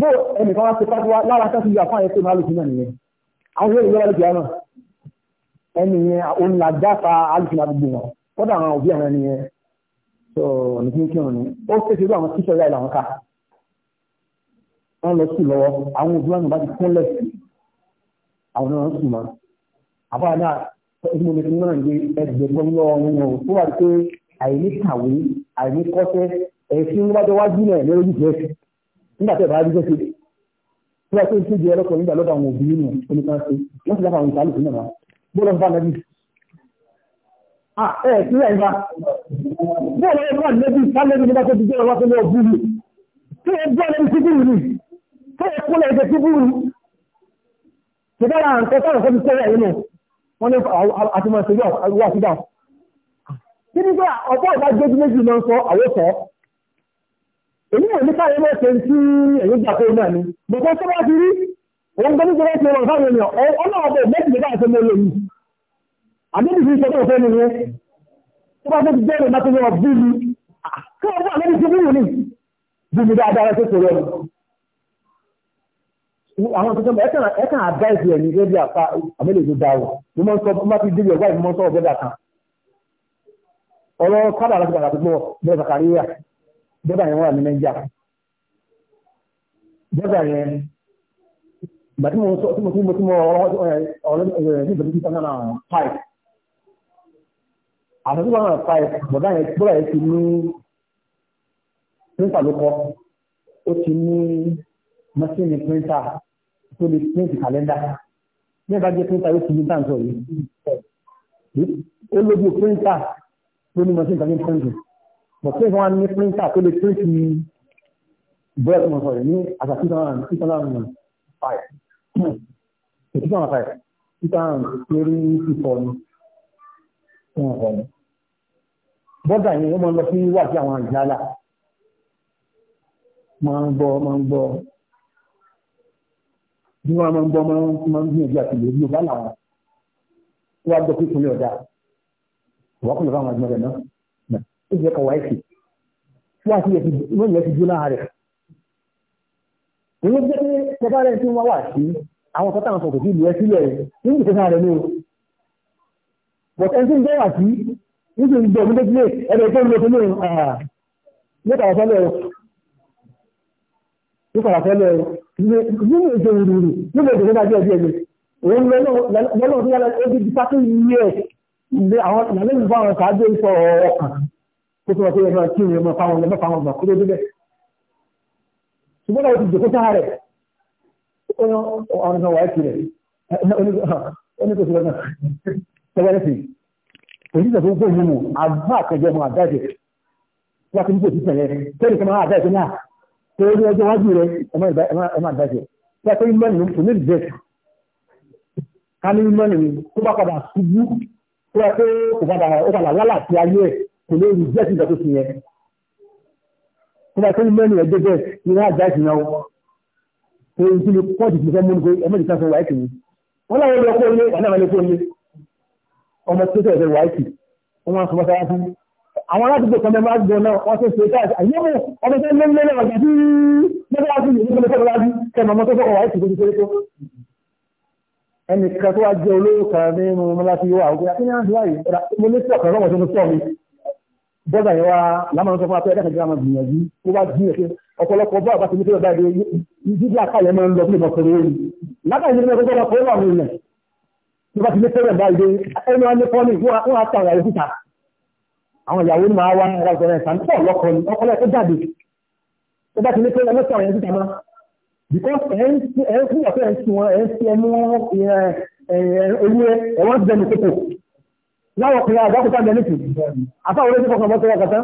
bó ẹnìkan wá sí pátíwá lára tó ti yà fún àyẹ̀kọ́ máa lùsùn náà nìyẹn àwọn yóò yọra lùsùn náà ẹni yẹn òun là dáfa alùsùn náà gbogbo wọn kọ́dà àwọn òbí àwọn ẹni yẹn tó ní kí n kí wọn ni ó fèsì bí àwọn tíṣọ yà làwọn ká wọn lọ sùn lọ́wọ́ àwọn òbí wọn bá ti kúnlẹ̀ àwọn náà sùn mọ́ àbára náà ẹni mo ní kí n náà gbé ẹgbẹ̀gbọ́n lọ́wọ́ wọn o tó wà pé àìní kàwé àìní kọ́ṣẹ́ ẹ̀sìn wájọ́wájú náà lórí ìjẹ́sìn nígbà tẹ́ bá rí bẹ́ẹ̀ kéde tí wọ́n tó ń kéde ọlọ́kọ̀ nígbà lọ́dọ̀ àwọn òbí nù oníkan ṣe wọ́n ti dáfà àwọn ìsàlù fún náà bọ́ọ̀lù bá nàbí. ẹ ẹ sílẹ̀ ìfà bọ́ọ̀lù ẹ bá nàbí sálẹ́bí nígbà tó ti jẹ́ ọlọ́kọ̀ ní ọ̀bú mi tí ẹ bá nàbí síbúrú mi tí ẹ kúlẹ̀ ẹ̀jẹ̀ síbúrú. ṣùgbọ́n àwọn nǹkan sáwọn fẹ́mi sẹ́yà èyí náà ní káyọ̀ náà ṣe ń tí èyí gbà pé náà ni gbogbo tó bá ti rí òun gbogbo tó bá ti rọrùn fáwọn ènìyàn ọlọ́wọ́ bẹ̀ mẹ́tìlẹ́ bá ṣe mọ́ lórí àdébì fi ṣe tó fẹ́ nìyẹn tó bá tó ti jẹ́ ìrìnà yọ bí mi kí wọ́n wà lórí bí mi bí mi dáadáa tó kò rọrùn àwọn tuntun ẹ̀kan àdáìsì ẹ̀ ní ilé bí àpá àmẹ́lẹ̀ tó dáwọ̀ mo máa ń sọ bá ti dé ọgbà ìmọ̀ jọba yẹn wà ní nàìjíríà jọba yẹn ìgbà tí mo sọ tí mo tí mo tí mo ọ̀rọ̀ ní ìbẹ̀rẹ̀ títà náà pipe àtàtì wọn náà pipe bọ̀dá yẹn bọ́dà yẹn ti ní píńtà ló kọ́ ó ti ní mọ́sínì píńtà tó lè píńtì kàlẹ́ndà ní ìbá jẹ́ píńtà yóò ti ní táǹtọ̀ yìí ó lójú píńtà tó ní mọ́sínì kàlẹ́ndà bọ̀tí ìfọ̀n wa ní píríntà tó lè píríntì bẹ́ẹ̀ mọ̀ sọ̀rọ̀ ní àgbà two thousand two thousand five two thousand five two thousand twenty four ní two thousand four ní. bọ́dà yẹn wọ́n máa ń lọ sí wájú àwọn àjálà máa ń gbọ́ máa ń gbọ́ bí wọ́n máa ń gbọ́ máa ń gbìyànjú àti lè rí ọba làwọn wọ́n á gbọ́ pé kò ní ọ̀dà wọ́n kò lè bá àwọn àjọ rẹ̀ náà ó jẹ́ kọ̀wá ìsì wá sí ìwọ̀n yẹn ti jóná rẹ̀ èyí jẹ́ pé tẹ́fà rẹ̀ tí wọ́n wà sí àwọn tọ́tà àwọn sọ̀tò sí ìlú ẹ sílẹ̀ nínú ìtẹ́fà rẹ̀ ní o bọ̀tẹ́ ń bẹ́ wà sí nígbà ìgbà ọdún tó tilé ẹgbẹ́ tó ń lọ sílé nípa àwọn fẹ́lẹ̀ nípa àwọn fẹ́lẹ̀ nínú ètò ìrìrì nínú ètò ìrìnàjò ẹbí ẹgbẹ́ òun lọ́lọ́ lọ́lọ́ tó yára ó ti di pátó yìí ẹ̀ àwọn ìyàlẹ́ ìfọ̀ àwọn sàájọ́ ìfọ̀ ọkàn kó tó wọ́n tó yẹ kí ni ọmọ fáwọn ọmọ fáwọn ọmọ kó tó débẹ̀. ṣùgbọ́n àwọn ti jòkó sáà rẹ̀ ọ̀rọ̀ náà wáyé tirẹ̀ oníkòsí lọ́nà tẹ́wẹ́rẹ́sì pẹ̀lú ìṣẹ̀fún kó yìí mú àbá àkànjẹ mọ́ àdájẹ́ wá sí ní kòsí tẹ̀lẹ́ tẹ́lẹ̀ kan máa àdájẹ́ náà tó ní ọjọ́ wájú rẹ̀ ẹ̀mọ́ àdájẹ́ pé mọ́nì kò ní ìjẹ́ kò lè rí jẹ́ ìgbà tó fi yẹn tó bá tó ní mẹ́rin ẹgbẹ́ bẹ́ẹ̀ ní wọ́n àjá ìsìn náà tó ń tún lè pọ́ jù fún mú ní pé ẹmẹ́jì kan sọ wáìkì ni wọ́n láwọn lọ kó ilé wọ́n náà lè kó ilé ọmọ tó tẹ̀sẹ̀ wáìkì wọ́n wá sọ mọ́ta wá fún àwọn aládùúgbò kan mẹ́rin aládùúgbò náà wọ́n tó ṣe káàkiri àyẹ̀wò ọmọ tó lé lé lọ́wọ́ sí mẹ́tàlásì yìí nípa lọ́sọ̀rọ̀ láti kẹ́ mọ́ tó fọ́kọ̀ wáìkì tó ti ṣeré tó ẹnì kan tó wá jẹ́ olówó kan nínú mọ́lá bọ́dà yẹn wá lámàá sọ fún apẹ́ ẹ̀dá kẹjọ àmà gbìyànjú ó wá jí ẹ̀kẹ́ ọ̀pọ̀lọpọ̀ bá àbá tèmi tó bá dé jíjí àkàyẹ máa ń lọ fún ìmọ̀kọ̀rọ̀ orí látàrí nínú ẹgbẹ́ ọ̀pọ̀ ó wà ní ilẹ̀ tó bá ti lé fẹ́rẹ̀ bá ìdé ẹni wọn ní pọ́nì wọn á tàwọn ẹ̀rọ síta àwọn ìyàwó ni máa wá ara ìṣẹ̀lẹ̀ ìsàn pọ̀ lọ́kọ ni ọkọlẹ̀ tó jáde tó bá ti lé fẹ́rẹ̀ lọ́sọ̀ ẹ̀rọ síta máa because ẹ̀ ń fún ọ̀fẹ́ ẹ̀ ń sún wọn ẹ̀ ń fi ẹmú ewúrẹ́ ẹ̀wọ́n ti dẹnu kókò láwọn ọkùnrin àgbàkútà bẹ̀lẹ́tì àfáwọn olóṣèlú kọkàn mọ́tò ọkàtà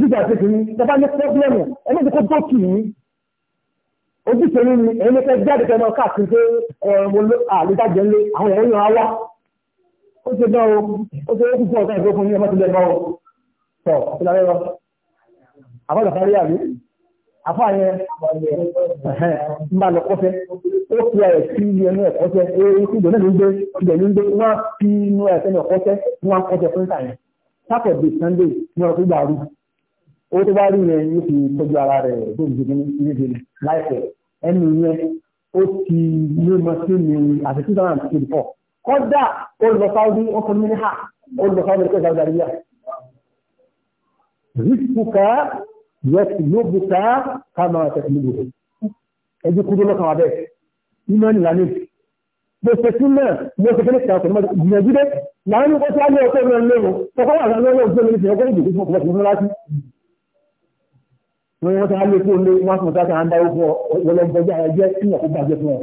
jíjà ṣe kìíní tọ́ba ní pọ́blẹ́mù ẹni tí kò tó kì í ojúṣe ní ni ẹni kẹ jáde kẹ náà káàkiri pé ẹ̀rọ àlùjáde ńlé àwọn èèyàn yàn án wá ó ṣe náà ó ṣe ókú fún ọ̀sán ìfowópamọ́ ní ọmọ tó lẹ́ bá wọn tọ̀ ìlànà ẹ̀rọ àbọ̀dàfárí àbí àfáàyẹ ńbàlẹ̀ kọfẹ́ ó fi ààrẹ sí ẹnu ẹ̀kọ́fẹ́ eré tí ìjọ náà ló ń gbé ìjọ ló ń gbé wọ́n fi inú ẹ̀fẹ́ ní ọ̀kọ́fẹ́ wọ́n á kọ́fẹ́ fún ìtàn yẹn sátọ̀dé sunday ní ọdún gbà rú ó tó bá rí yẹn ní fi tọ́jú ara rẹ̀ lóògùn ní ìrìnàjò láìpẹ́ ẹnu yẹn ó ti lé mọ sí mi àti two thousand and twenty four kọ́dà ó lọ sáwọ́dí ó fún mi ní ha ó lọ sáwọ́dí ó yẹtùlóbùtà kàmá tẹ̀sílóbù ẹjú kúrò lọ́kàn abẹ́ ìmọ̀ ní lánìí mo ṣe sí náà mo ṣe kéde kàkọ́ mọ́ gbìyànjú dé láàrin kó tí a lé ọkọ ìrìn lérò tọkọ wà láwọn ọlọ́run tó lórí ìṣẹ̀kọ́ ìdìbò fún ọkọ̀ ìṣẹ̀kọ́ láti wọn wọn ti á lé kó lé wọn fún ọ̀tá àndá owó ọlọ́gbọ́jọ́ ẹgbẹ́ ìyàn kó bàjẹ́ fún ọ.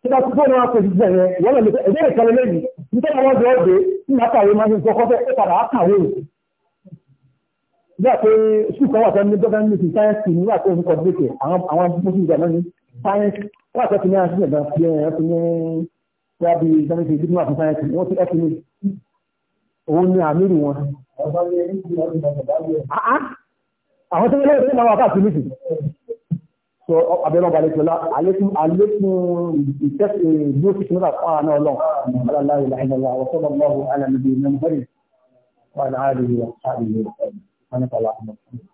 tí bá fún ọ̀nà àpò ìṣiṣẹ́ yẹn wọ́n lè ẹgbẹ́ ìkàlẹ́ lẹ́yìn nítorí àwọn ọ̀dọ́ ọ̀dẹ́ nígbà táwọn máa ń sọ kọ́fẹ́ ó padà á kàwé bẹ́ẹ̀ pé sùkúù kan wà tó ní gọ́ọ̀mẹ́ntì ní ti sáyẹ́ǹsì nígbà tó ń kọ́ bíkẹ̀ àwọn àwọn mọ́sí ìgbà náà ní sáyẹ́ǹsì wà tó ti ní àṣìṣe ìgbà fi ẹ̀ fi ní wá bí gọ́ọ̀mẹ́ntì ìdílé wà fún sáyẹ́ǹsì wọ́n ti ẹ̀fìn òun ni àmírù wọn. Ah, ah. àwọn tó ń lé ìdílé wà káàkiri nìkì. sọ abẹ́rẹ́ ọba eh, ti sinmi láti fún سبحانك اللهم وبحمدك